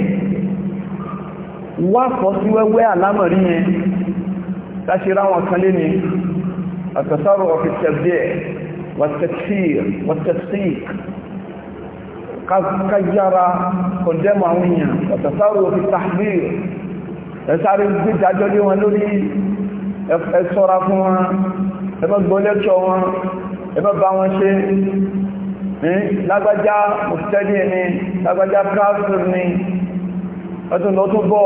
wá fọ́ sí wẹ́wẹ́ àlámọ̀rí yẹn tàṣírá wọn kan lé ní àtàsárò ọ̀fẹ́ káyára kọjẹ́mọ̀ àwọn èèyàn ọ̀tọ̀sáwò fi tàbíl ẹ̀sáré gbéjájọ́ lé wọn lórí fún wọn ẹ̀mọ́ gbọ́lẹ́ṣọ́ wọn ẹ̀mọ́ bá wọn ṣe lágbájá mùsùlẹ́dì ni lágbájá káàkiri ni ọdún sọ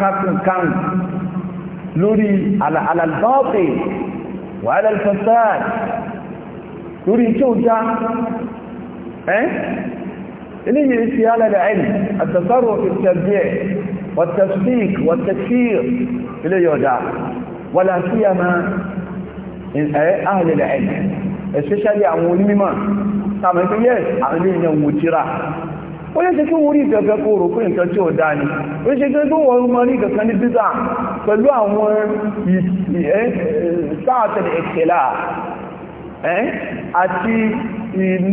káàkiri lórí alàlbáọ̀pẹ̀ wàhálà alfasad lórí tí ó já ẹ́ eléyìí sí alàlẹ̀ ẹ̀lì àtàkàrò ìtẹ̀bẹ̀ wàtàfíìk wàtàfíìr eléyìí ọ̀dá wàlá sí àmà àhàlẹ̀ ẹ̀lì especially àwọn onímọ̀ ó yẹ́ ṣe kí wọ́n rí ìgẹ̀gẹ̀ kó rò pé nǹkan tí ó dá ní ó ṣe kí tó wọ́n mọ́ rí ìgẹ̀kan ní bídá pẹ̀lú àwọn sáàtẹ̀lẹ̀ ẹ̀kẹ̀lá àti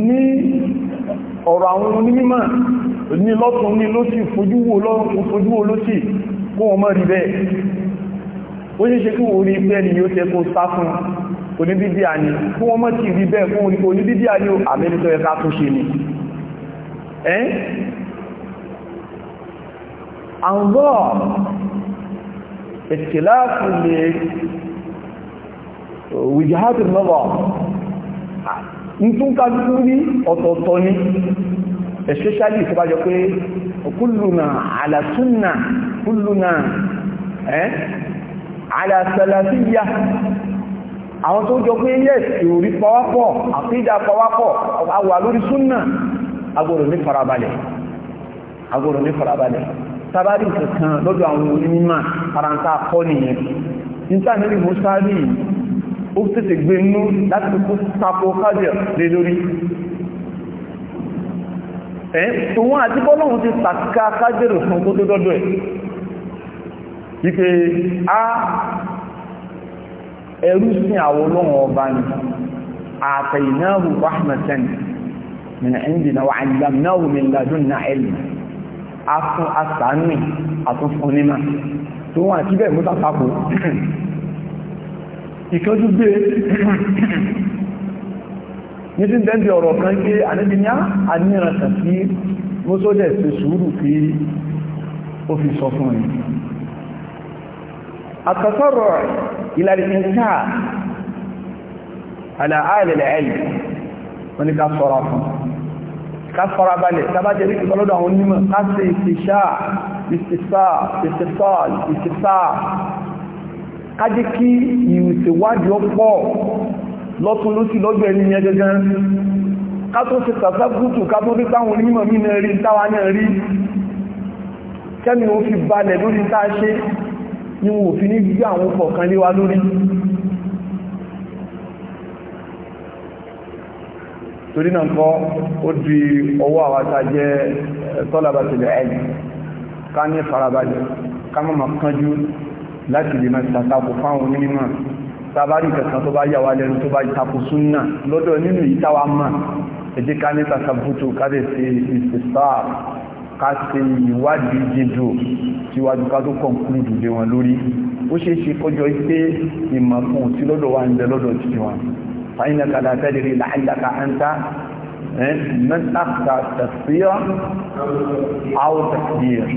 ní ọ̀rọ̀ àwọn onímọ̀ ní lọ́tún ní ló sì fojúwò ló sì kó wọ́n mọ́ rí bẹ́ẹ̀ ó ṣe ṣe kí wọ́n rí bẹ́ẹ̀ ni yóò tẹ́ kó sá fún oníbídíà ni kó wọ́n mọ́ sí rí bẹ́ẹ̀ fún oníbídíà ni àmẹ́lẹ́tọ́ ẹ̀ká tó ṣe ni ẹ́n àwọ̀ ìtìláàfù lè wìjáàtì mọ́bọ̀ kájú ọ̀tọ̀ọ̀tọ̀ ní especially pé kúlùnà kúlùnà àwọn tó jọ pé yẹ́ pọwápọ̀ àfídà pọwápọ̀ àwà lórí súnnà agbọ́dọ̀ ní farabalẹ̀ agbọ́dọ̀ ní farabalẹ̀ sábàrí kankan lọ́dọ̀ àwọn onímọ̀ faranta kọ́ nìyẹn níta nílì mọ́sáàrí ó tètè gbé nú láti kó tapo kájẹ̀ lé lórí ẹ̀ tòun àti bọ́lọ́run ti tàkà kájẹ̀rò fún tó tó dọ́dọ̀ ẹ̀ wípé a ẹrú sí àwọn ọlọ́run ọba ni àtẹ̀yìnáhù rahmatan من عندنا wa allamnahu min علم. ilma afún asánì àtúnfúnnímà ثم wọ́n àti bẹ́ẹ̀ mú tàbákò ìkánjú gbé ní tí dẹ́ndì ọ̀rọ̀ kan gbé anẹ́bìnìyà anírànsà sí mọ́sọ́dẹ̀ sí sùúrù pé ó fi sọ fún ẹ̀ àtàsọ́rọ̀ ìlàrí ìṣà ẹ̀yìn wọ́n ni ká sọ́ra fún ká farabalẹ̀ tàbájẹ́ rí ìtọ́lọ́dọ̀ àwọn onímọ̀ ká sí ìfìṣà ìfìṣà ìfìṣà ìfìṣà ká jẹ́ kí ìrìnsèwádìí ọpọ̀ lọ́tún lósì lọ́gbẹ̀ ẹni yẹn gẹ́gẹ́ ká tó ṣe tàṣàbùtù ká tó rí táwọn onímọ̀ mí náà rí táwa náà rí kẹ́mi ò fi balẹ̀ lórí tá a ṣe ni wọn ò fi ní gbígbé àwọn ọkọ̀ kan lé wa lórí torí náà kọ́ ó di ọwọ́ àwátá jẹ́ eh, tọ́lábàtìlẹ̀ ẹ̀lì ká ní farabalẹ̀ ká mọ́ ma kánjú láti lè máa tàtàkù fáwọn onímọ̀ tàbárí kẹsàn tó bá yàwà lẹ́nu tó bá ìtàkù súnnà lọ́dọ̀ nínú ìtawà mà ẹjẹ́ ká ní tàtàbùtò kábẹ̀ sí ìsìsá ká ṣe ìwádìí jíjò síwájú فإنك لا تدري لعلك أنت من أخطأ تفسير أو تكبير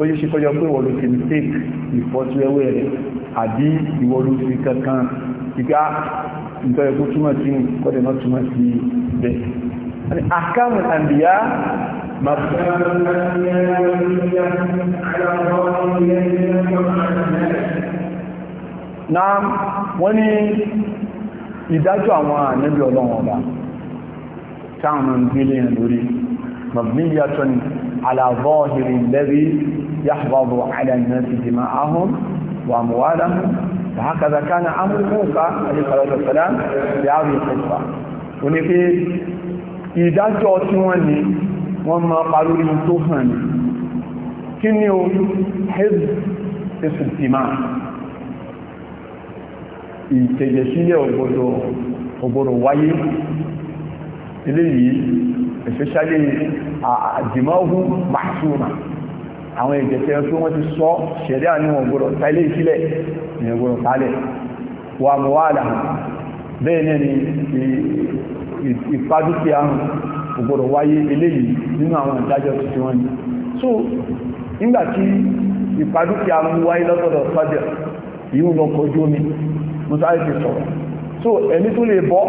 ó yí ṣíkọ́ yọ pé ìwọ̀lú ti mistake ìfọ́síwẹ́wẹ́ rẹ̀ àbí ìwọ̀lú ti kankan ìgá ìtọ́ ẹkú túnmọ̀ sí kọ́dẹ̀ náà túnmọ̀ sí bẹ̀. àkáàmù àndìyà máa wọ́n ni ìdájọ́ àwọn ànábì ọlọ́run ọba táwọn ń gbélé yẹn lórí mabniyatun ala zahiri alladhi yahfazu ala an-nasi dima'ahum wa amwalahum فهكذا كان امر موسى عليه الصلاه والسلام بهذه القصه òní pé ìdájọ́ tí wọ́n ní wọ́n máa parú ní ìtẹ̀jẹ̀ sílẹ̀ ògbòdò wáyé eléyìí especially àdìmọ́hù màṣúmà àwọn ìjẹ̀tẹ̀ tó wọ́n ti sọ ṣẹ̀rí àwọn ògbòdò tàílé ìsílẹ̀ ní nínú àwọn ìdájọ́ ti wọ́n ni so nígbàtí wáyé sọ́jẹ̀ yíò lọ kọjú omi mùsáà ti sọ̀rọ̀ so ẹni tó lè bọ́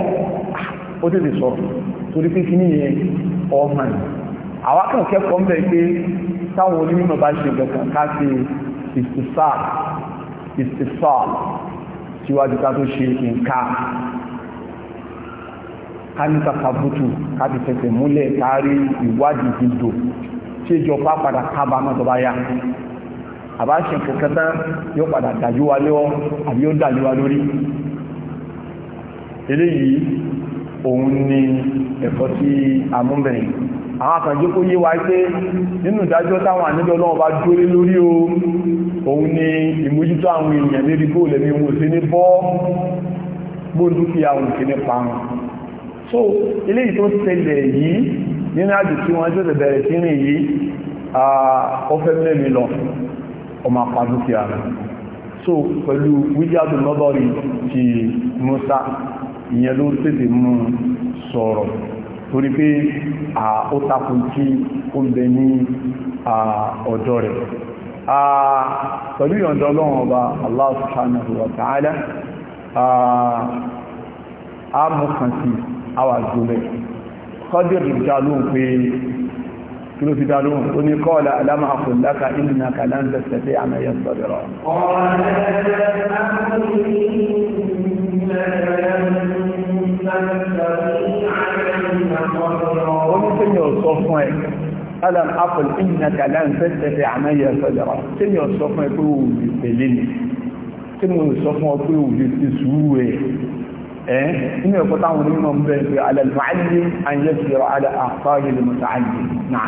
ah, ó tètè sọ̀rọ̀ torí pé kí níyẹn ọmọ ẹ̀ àwọn kan kẹ́kọ̀ọ́ ń bẹ̀ pé táwọn onímọ̀ bá ṣe gbẹ̀kan ká ṣe ìsìsáà ìsìsáà síwájú ká tó ṣe nǹkan ká ní kàkàbùtù ká ti fẹsẹ̀ múlẹ̀ kárí ìwádìí dìdò tí ìjọba padà kábàámọ̀ tó bá yá àbá ṣe kankan tán yóò padà dájú wa lọ́wọ́ àbí yóò dájú wa lórí eléyìí òun ni ẹ̀kọ́ tí a mú bẹ̀rẹ̀ àwọn àkànjẹ́ kó yé wa pé nínú ìdájọ́ táwọn àníjọ́ náà bá dúró lórí o òun ni ìmójútó àwọn èèyàn lérí bó lẹ́mí wọn sí ní bọ́ gbóndúkìá òun sí ní parun so eléyìí tó tẹ̀lẹ̀ yìí nínú àjò tí wọ́n jẹ́ bẹ̀rẹ̀ sí rìn yìí ọfẹ́ mẹ́rin lọ ọmọ àpàdúkìá so pẹ̀lú wíjádù lọ́bọ̀rí ti Musa ìyẹn ló tètè mú sọ̀rọ̀ torí pé à ó takùn tí ó ń bẹ ní ọ̀dọ́ rẹ̀ pẹ̀lú ìyọ̀ndọ́ lọ́wọ́n ọba Allah subhanahu wa ta'ala a mọ́kàntí àwà jùlẹ̀ kọ́dẹ̀ rìjá ló ń pé kí ló fi dá lóhùn ó ní kọ́ọ̀lá aláma àkùnláka ìlúna kàláńdà sẹ́fẹ́ àmẹ́yẹ sọ̀rọ̀ ó ní kí ni ò sọ fún ẹ alam apple ìlúna kàláńdà sẹ́fẹ́ àmẹ́yẹ sọ̀rọ̀ kí ni ò sọ fún ẹ pé òwúrò tẹ̀lé ni kí ni ò sọ fún ọ pé òwúrò ti sùúrù ẹ̀ ẹ́ inú ẹ̀kọ́ táwọn onímọ̀ ń bẹ̀rẹ̀ pé alẹ́lùmáàlì àyẹ́sìrò alẹ́ àfáàrí lè mọ̀ta àyè náà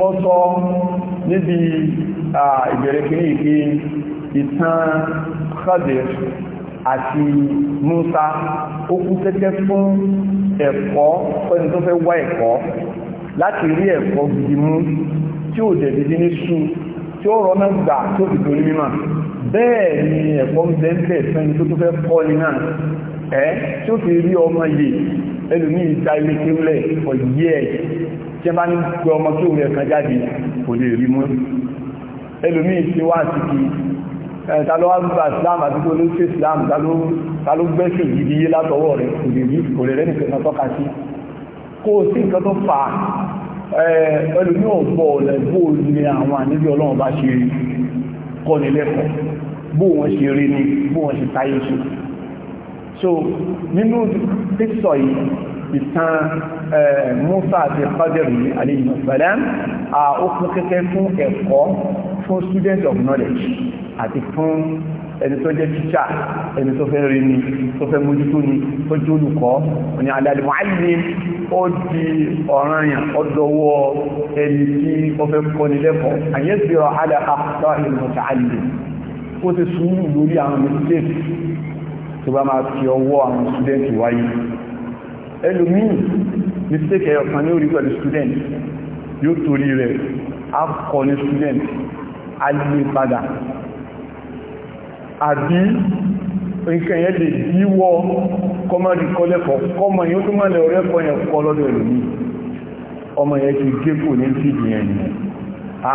mọ́ sọ níbi ìbẹ̀rẹ̀ kí ní ìpé ìtàn Khadir àti Musa ó kú tẹ́tẹ́ fún ẹ̀kọ́ fẹ́ni tó fẹ́ wá ẹ̀kọ́ láti rí ẹ̀kọ́ gidi mú tí ò dẹ̀ tí ó rọ́nà gbà tó fi torí mímọ̀ bẹ́ẹ̀ ni ẹ̀kọ́ ń bẹ́ẹ̀ fẹ́ni tó tó fẹ́ kọ́ ni náà ẹ́ tí ó fi rí ọmọ yìí ẹlùmí ìta ilé tí ó lẹ̀ for years tí a bá ń gbé ọmọ tí ó rẹ̀ kan jáde kò lè rí mú ẹlùmí ti wá sí kí ta ló wá gba Islam àti tó ló ṣe Islam ta ló gbẹ́sẹ̀ yìí látọwọ́ rẹ̀ kò lè rí kò lè rẹ́ nìkan tọ́ka ẹlù ní ọ̀pọ̀ ọ̀lẹ̀ bó ní àwọn àníbí ọlọ́run bá ṣe rí kọ́ ní lẹ́kọ̀ọ́ bó wọ́n ṣe rí ní bó wọ́n ṣe táyé ṣe so nínú píṣọ̀ yìí ìtàn Musa àti fagẹ̀rù ní àlejò pẹ̀lẹ́ à kẹ́kẹ́ fún ẹ̀kọ́ fún student of knowledge àti fún ẹni tó jẹ́ tíṣà ẹni tó fẹ́ rí ni tó fẹ́ mójútó ni tó jẹ́ olùkọ́ òní àdàlùmọ́ àìní ó di ọ̀ranyàn ọdọwọ́ ẹni tí ó fẹ́ kọ́ni lẹ́kọ̀ọ́ àyẹ́sìrọ̀ àdà àkùtà ìlúmọ̀tà àìní ó ti sùúrù lórí àwọn mistake ní orí pẹ̀lú student yóò torí rẹ̀ á kọ́ ní àbí nǹkan yẹn lè yíwọ́ kọmọdé kọlẹ́kọ̀ọ́ kọmọ yóò tó mọ́lẹ̀ ọ̀rẹ́kọ́ yẹn kọ́ lọ́dọ̀ ẹ̀lùmí ọmọ yẹn ti gé kò ní fìdí yẹn ni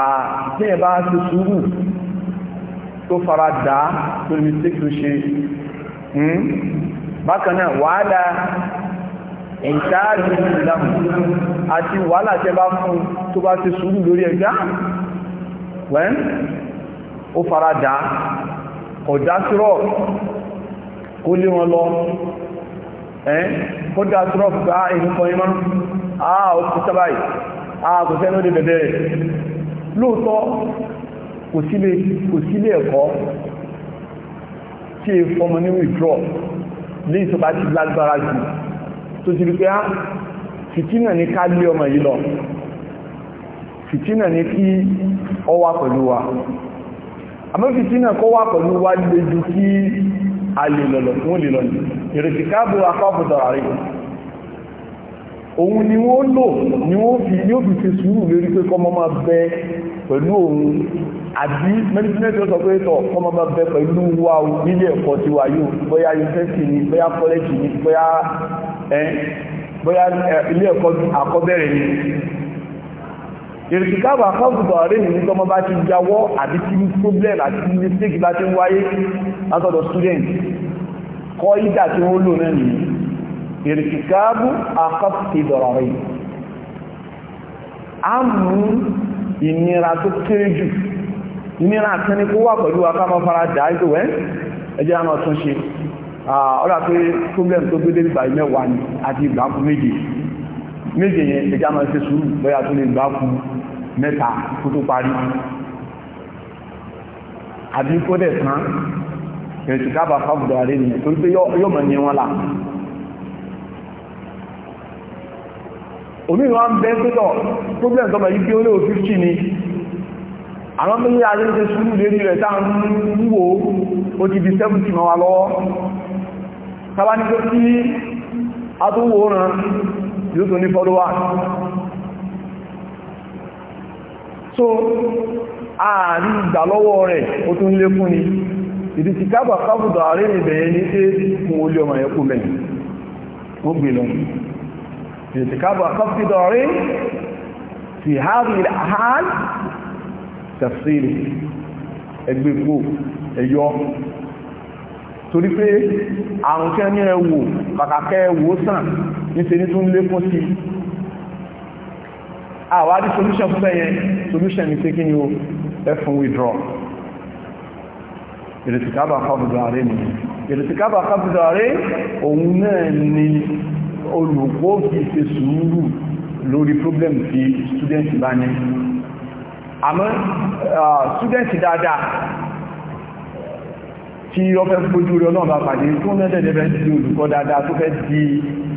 àtẹ́yẹ bá ti sùúrù tó fara dá tó ní tí tó ṣe hmm? bákanáà wàhálà ìtaàrí ìdáhùn àti wàhálà tẹ́ bá fún tó bá ti sùúrù lórí ẹgbá wẹ́n ó fara dá ọ̀dásírọ̀ kó lé wọn lọ ẹ́n kó dásírọ̀ gbá ìrúkọ imá àà ó ti sábàì àà kò sẹ́nú lè bẹ̀bẹ̀ rẹ̀ lóòótọ́ kò sílé ẹ̀kọ́ tí è fọmọ ní withdraw lè tó bá ti lágbára jù tó ti rí pé á fìtínà ní ká lé ọmọ yìí lọ fìtínà ní kí ọwà pẹ̀lú wa àmọ́ fìtínà kó wà pẹ̀lú wá lè ju kí a lè lọ̀lọ̀ fún olè lọ́nà ìrètí káàbù akọ́bùdọ̀rà rí òun ni wọ́n lò ni wọ́n fi ní òbí ti sùúrù lórí pé kọ́mọ máa bẹ pẹ̀lú òun àbí mẹ́tínẹ́tì ó sọ pé tọ̀ kọ́mọ máa ìrìkìkàbà kọ́sùtọ̀ rẹ̀ ní tọ́mọ́ bá ti jáwọ́ àbí tí problem àti mistake bá ti ń wáyé látọ̀dọ̀ student kọ́ ìdà tí ó lò náà nìyí ìrìkìkàbù àkọ́sùtọ̀ rẹ̀ a mú ìnira tó kéré jù ìnira kan ní kó wà pẹ̀lú akámọ́ fara problem tó gbé débìgbà mẹ́wàá ni àti ìgbà méje méje yẹn ẹjẹ́ àmọ́ ṣe mẹ́ta kó tó parí àbí kó dẹ̀ tán ìrètí kábà fábùdó ààrẹ nìyẹn torí pé yóò mọ̀ ní wọn là omi wọn bẹ́ pẹ́tọ̀ problem tọ́mọ̀ yí pé ó léò 50 ni àwọn mẹ́lẹ́ ààrẹ ṣe sùúrù lérí rẹ̀ tá ń wò ó ti di 70 mọ́ wa lọ́wọ́ sábà ní pé kí a tó wò ó ràn yóò tó ní followers so ààrin ìgbà lọ́wọ́ rẹ̀ ó tún lé fún ni ìdí ti kábà kábùdọ̀ àárín ìbẹ̀yẹ ní pé fún olè ọmọ ẹ̀kú mẹ́ ó gbé lọ ìdí ti kábà kábùdọ̀ àárín ti hàrí àhán tafsiri ẹgbẹ̀gbò ẹ̀yọ́ torí pé àrùn kẹ́ ní ẹwò kàkàkẹ́ ẹwò sàn ní tún lékún sí àwárí ah, solution fún ẹ̀yẹn solution ní taking you ni o ẹfún withdraw ìrètìkábà kọbùdọ̀ ààrẹ ni ìrètìkábà kọbùdọ̀ ààrẹ òun náà ni olùkọ́ fi ṣe sùúrù lórí problem tí student bá ní àmọ́ student dáadáa tí ó fẹ́ fojú rẹ̀ náà bá pàdé tó mẹ́tẹ̀ẹ́dẹ́fẹ́ sí olùkọ́ dáadáa tó fẹ́ di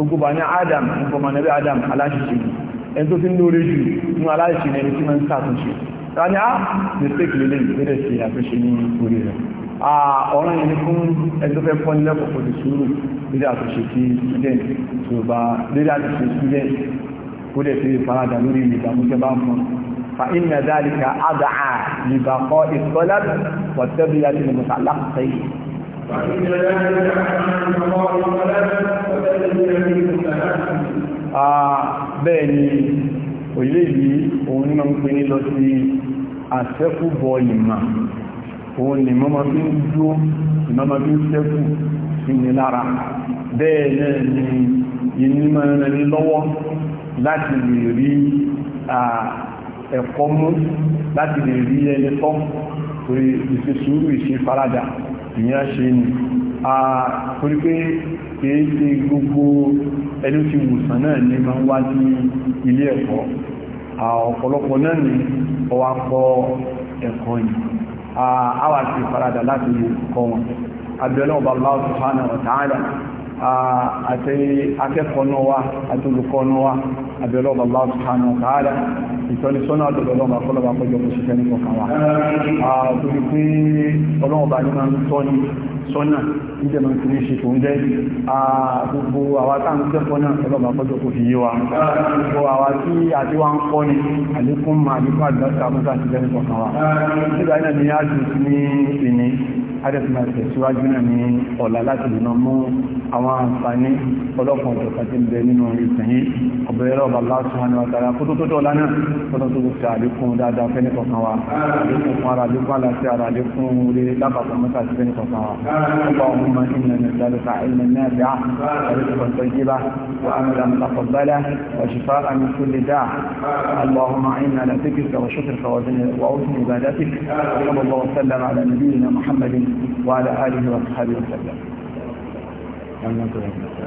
gbogbo bà ní adam nǹkan mọ̀ nẹ́bí adam aláṣìṣe ẹni tó fi ń lórí jù ní aláṣìṣe ní ẹni tí wọ́n ń sàtúnṣe ta ni á ah, mistake lè lè bẹ̀rẹ̀ sí àfẹ́ṣe ní orí rẹ̀ ah, ọ̀rọ̀ yìí fún ẹni tó fẹ́ kọ́ nílẹ̀ kọ̀kọ̀ ti sùúrù lédè àtúnṣe sí student tó bá Ah, bẹ́ẹ̀ ni òyílé yìí òun ní ma ń pè ní lọ sí àṣẹ́kùbọ̀ ìmà òun ni mọ́mọ́ fi ń dúó ìmọ́mọ́ fi ń ṣẹ́kù ìní lára bẹ́ẹ̀ náà ni ìní ma ń rẹni lọ́wọ́ láti lè rí ẹ̀kọ́ mú láti lè rí ẹni tọ́ torí ìṣesúrú ìṣe faradà ìyẹn ṣe ni kìí ṣe gbogbo ẹni tí wùsàn náà ní ma ń wá ní ilé ẹ̀kọ́ ọ̀pọ̀lọpọ̀ náà ni ọwá kọ́ ẹ̀kọ́ yìí àwà sí faradà láti kọ́ wọn abẹ́lẹ́ ọba Allah subhanahu wa ta'ala àti akẹ́kọ̀ọ́nà wa àti olùkọ́nà wa àbẹ̀lọ́bà Allah subhanahu wa ta'ala ìtọ́nisọ́nà àdọ̀lọ́bà kọlọ́bà kọjọ kò sí fẹ́ni kọkàn wa àtòrí pé ọlọ́ọ̀bà ní máa ń tọ́ni sọ́nà níjẹ́ máa ń fi ní ṣe tó ń jẹ́ gbogbo àwa tá ń kẹ́kọ̀ọ́ náà ọlọ́ọ̀bà kọjọ kò fi yé wa gbogbo àwa tí àti wa ń kọ́ ni àlékún máa àlékún àdúrà sí àmúta sí fẹ́ni kọkàn wa nígbà náà ni a ti ní ìní adẹ́sìmọ̀ ìtẹ̀síwájú náà ní ọ̀la láti lùnà mú àwọn àǹfààní ọlọ́pàá ọ̀tọ̀ta ti ń bẹ nínú ìsẹ̀yìn ọ̀bẹ̀rẹ̀ ọba lásán wa tààrà kó tó tó dọ̀la náà kó tó tó ṣe àlékún اللهم عنا على نبينا محمد وعلى آله وأصحابه وسلم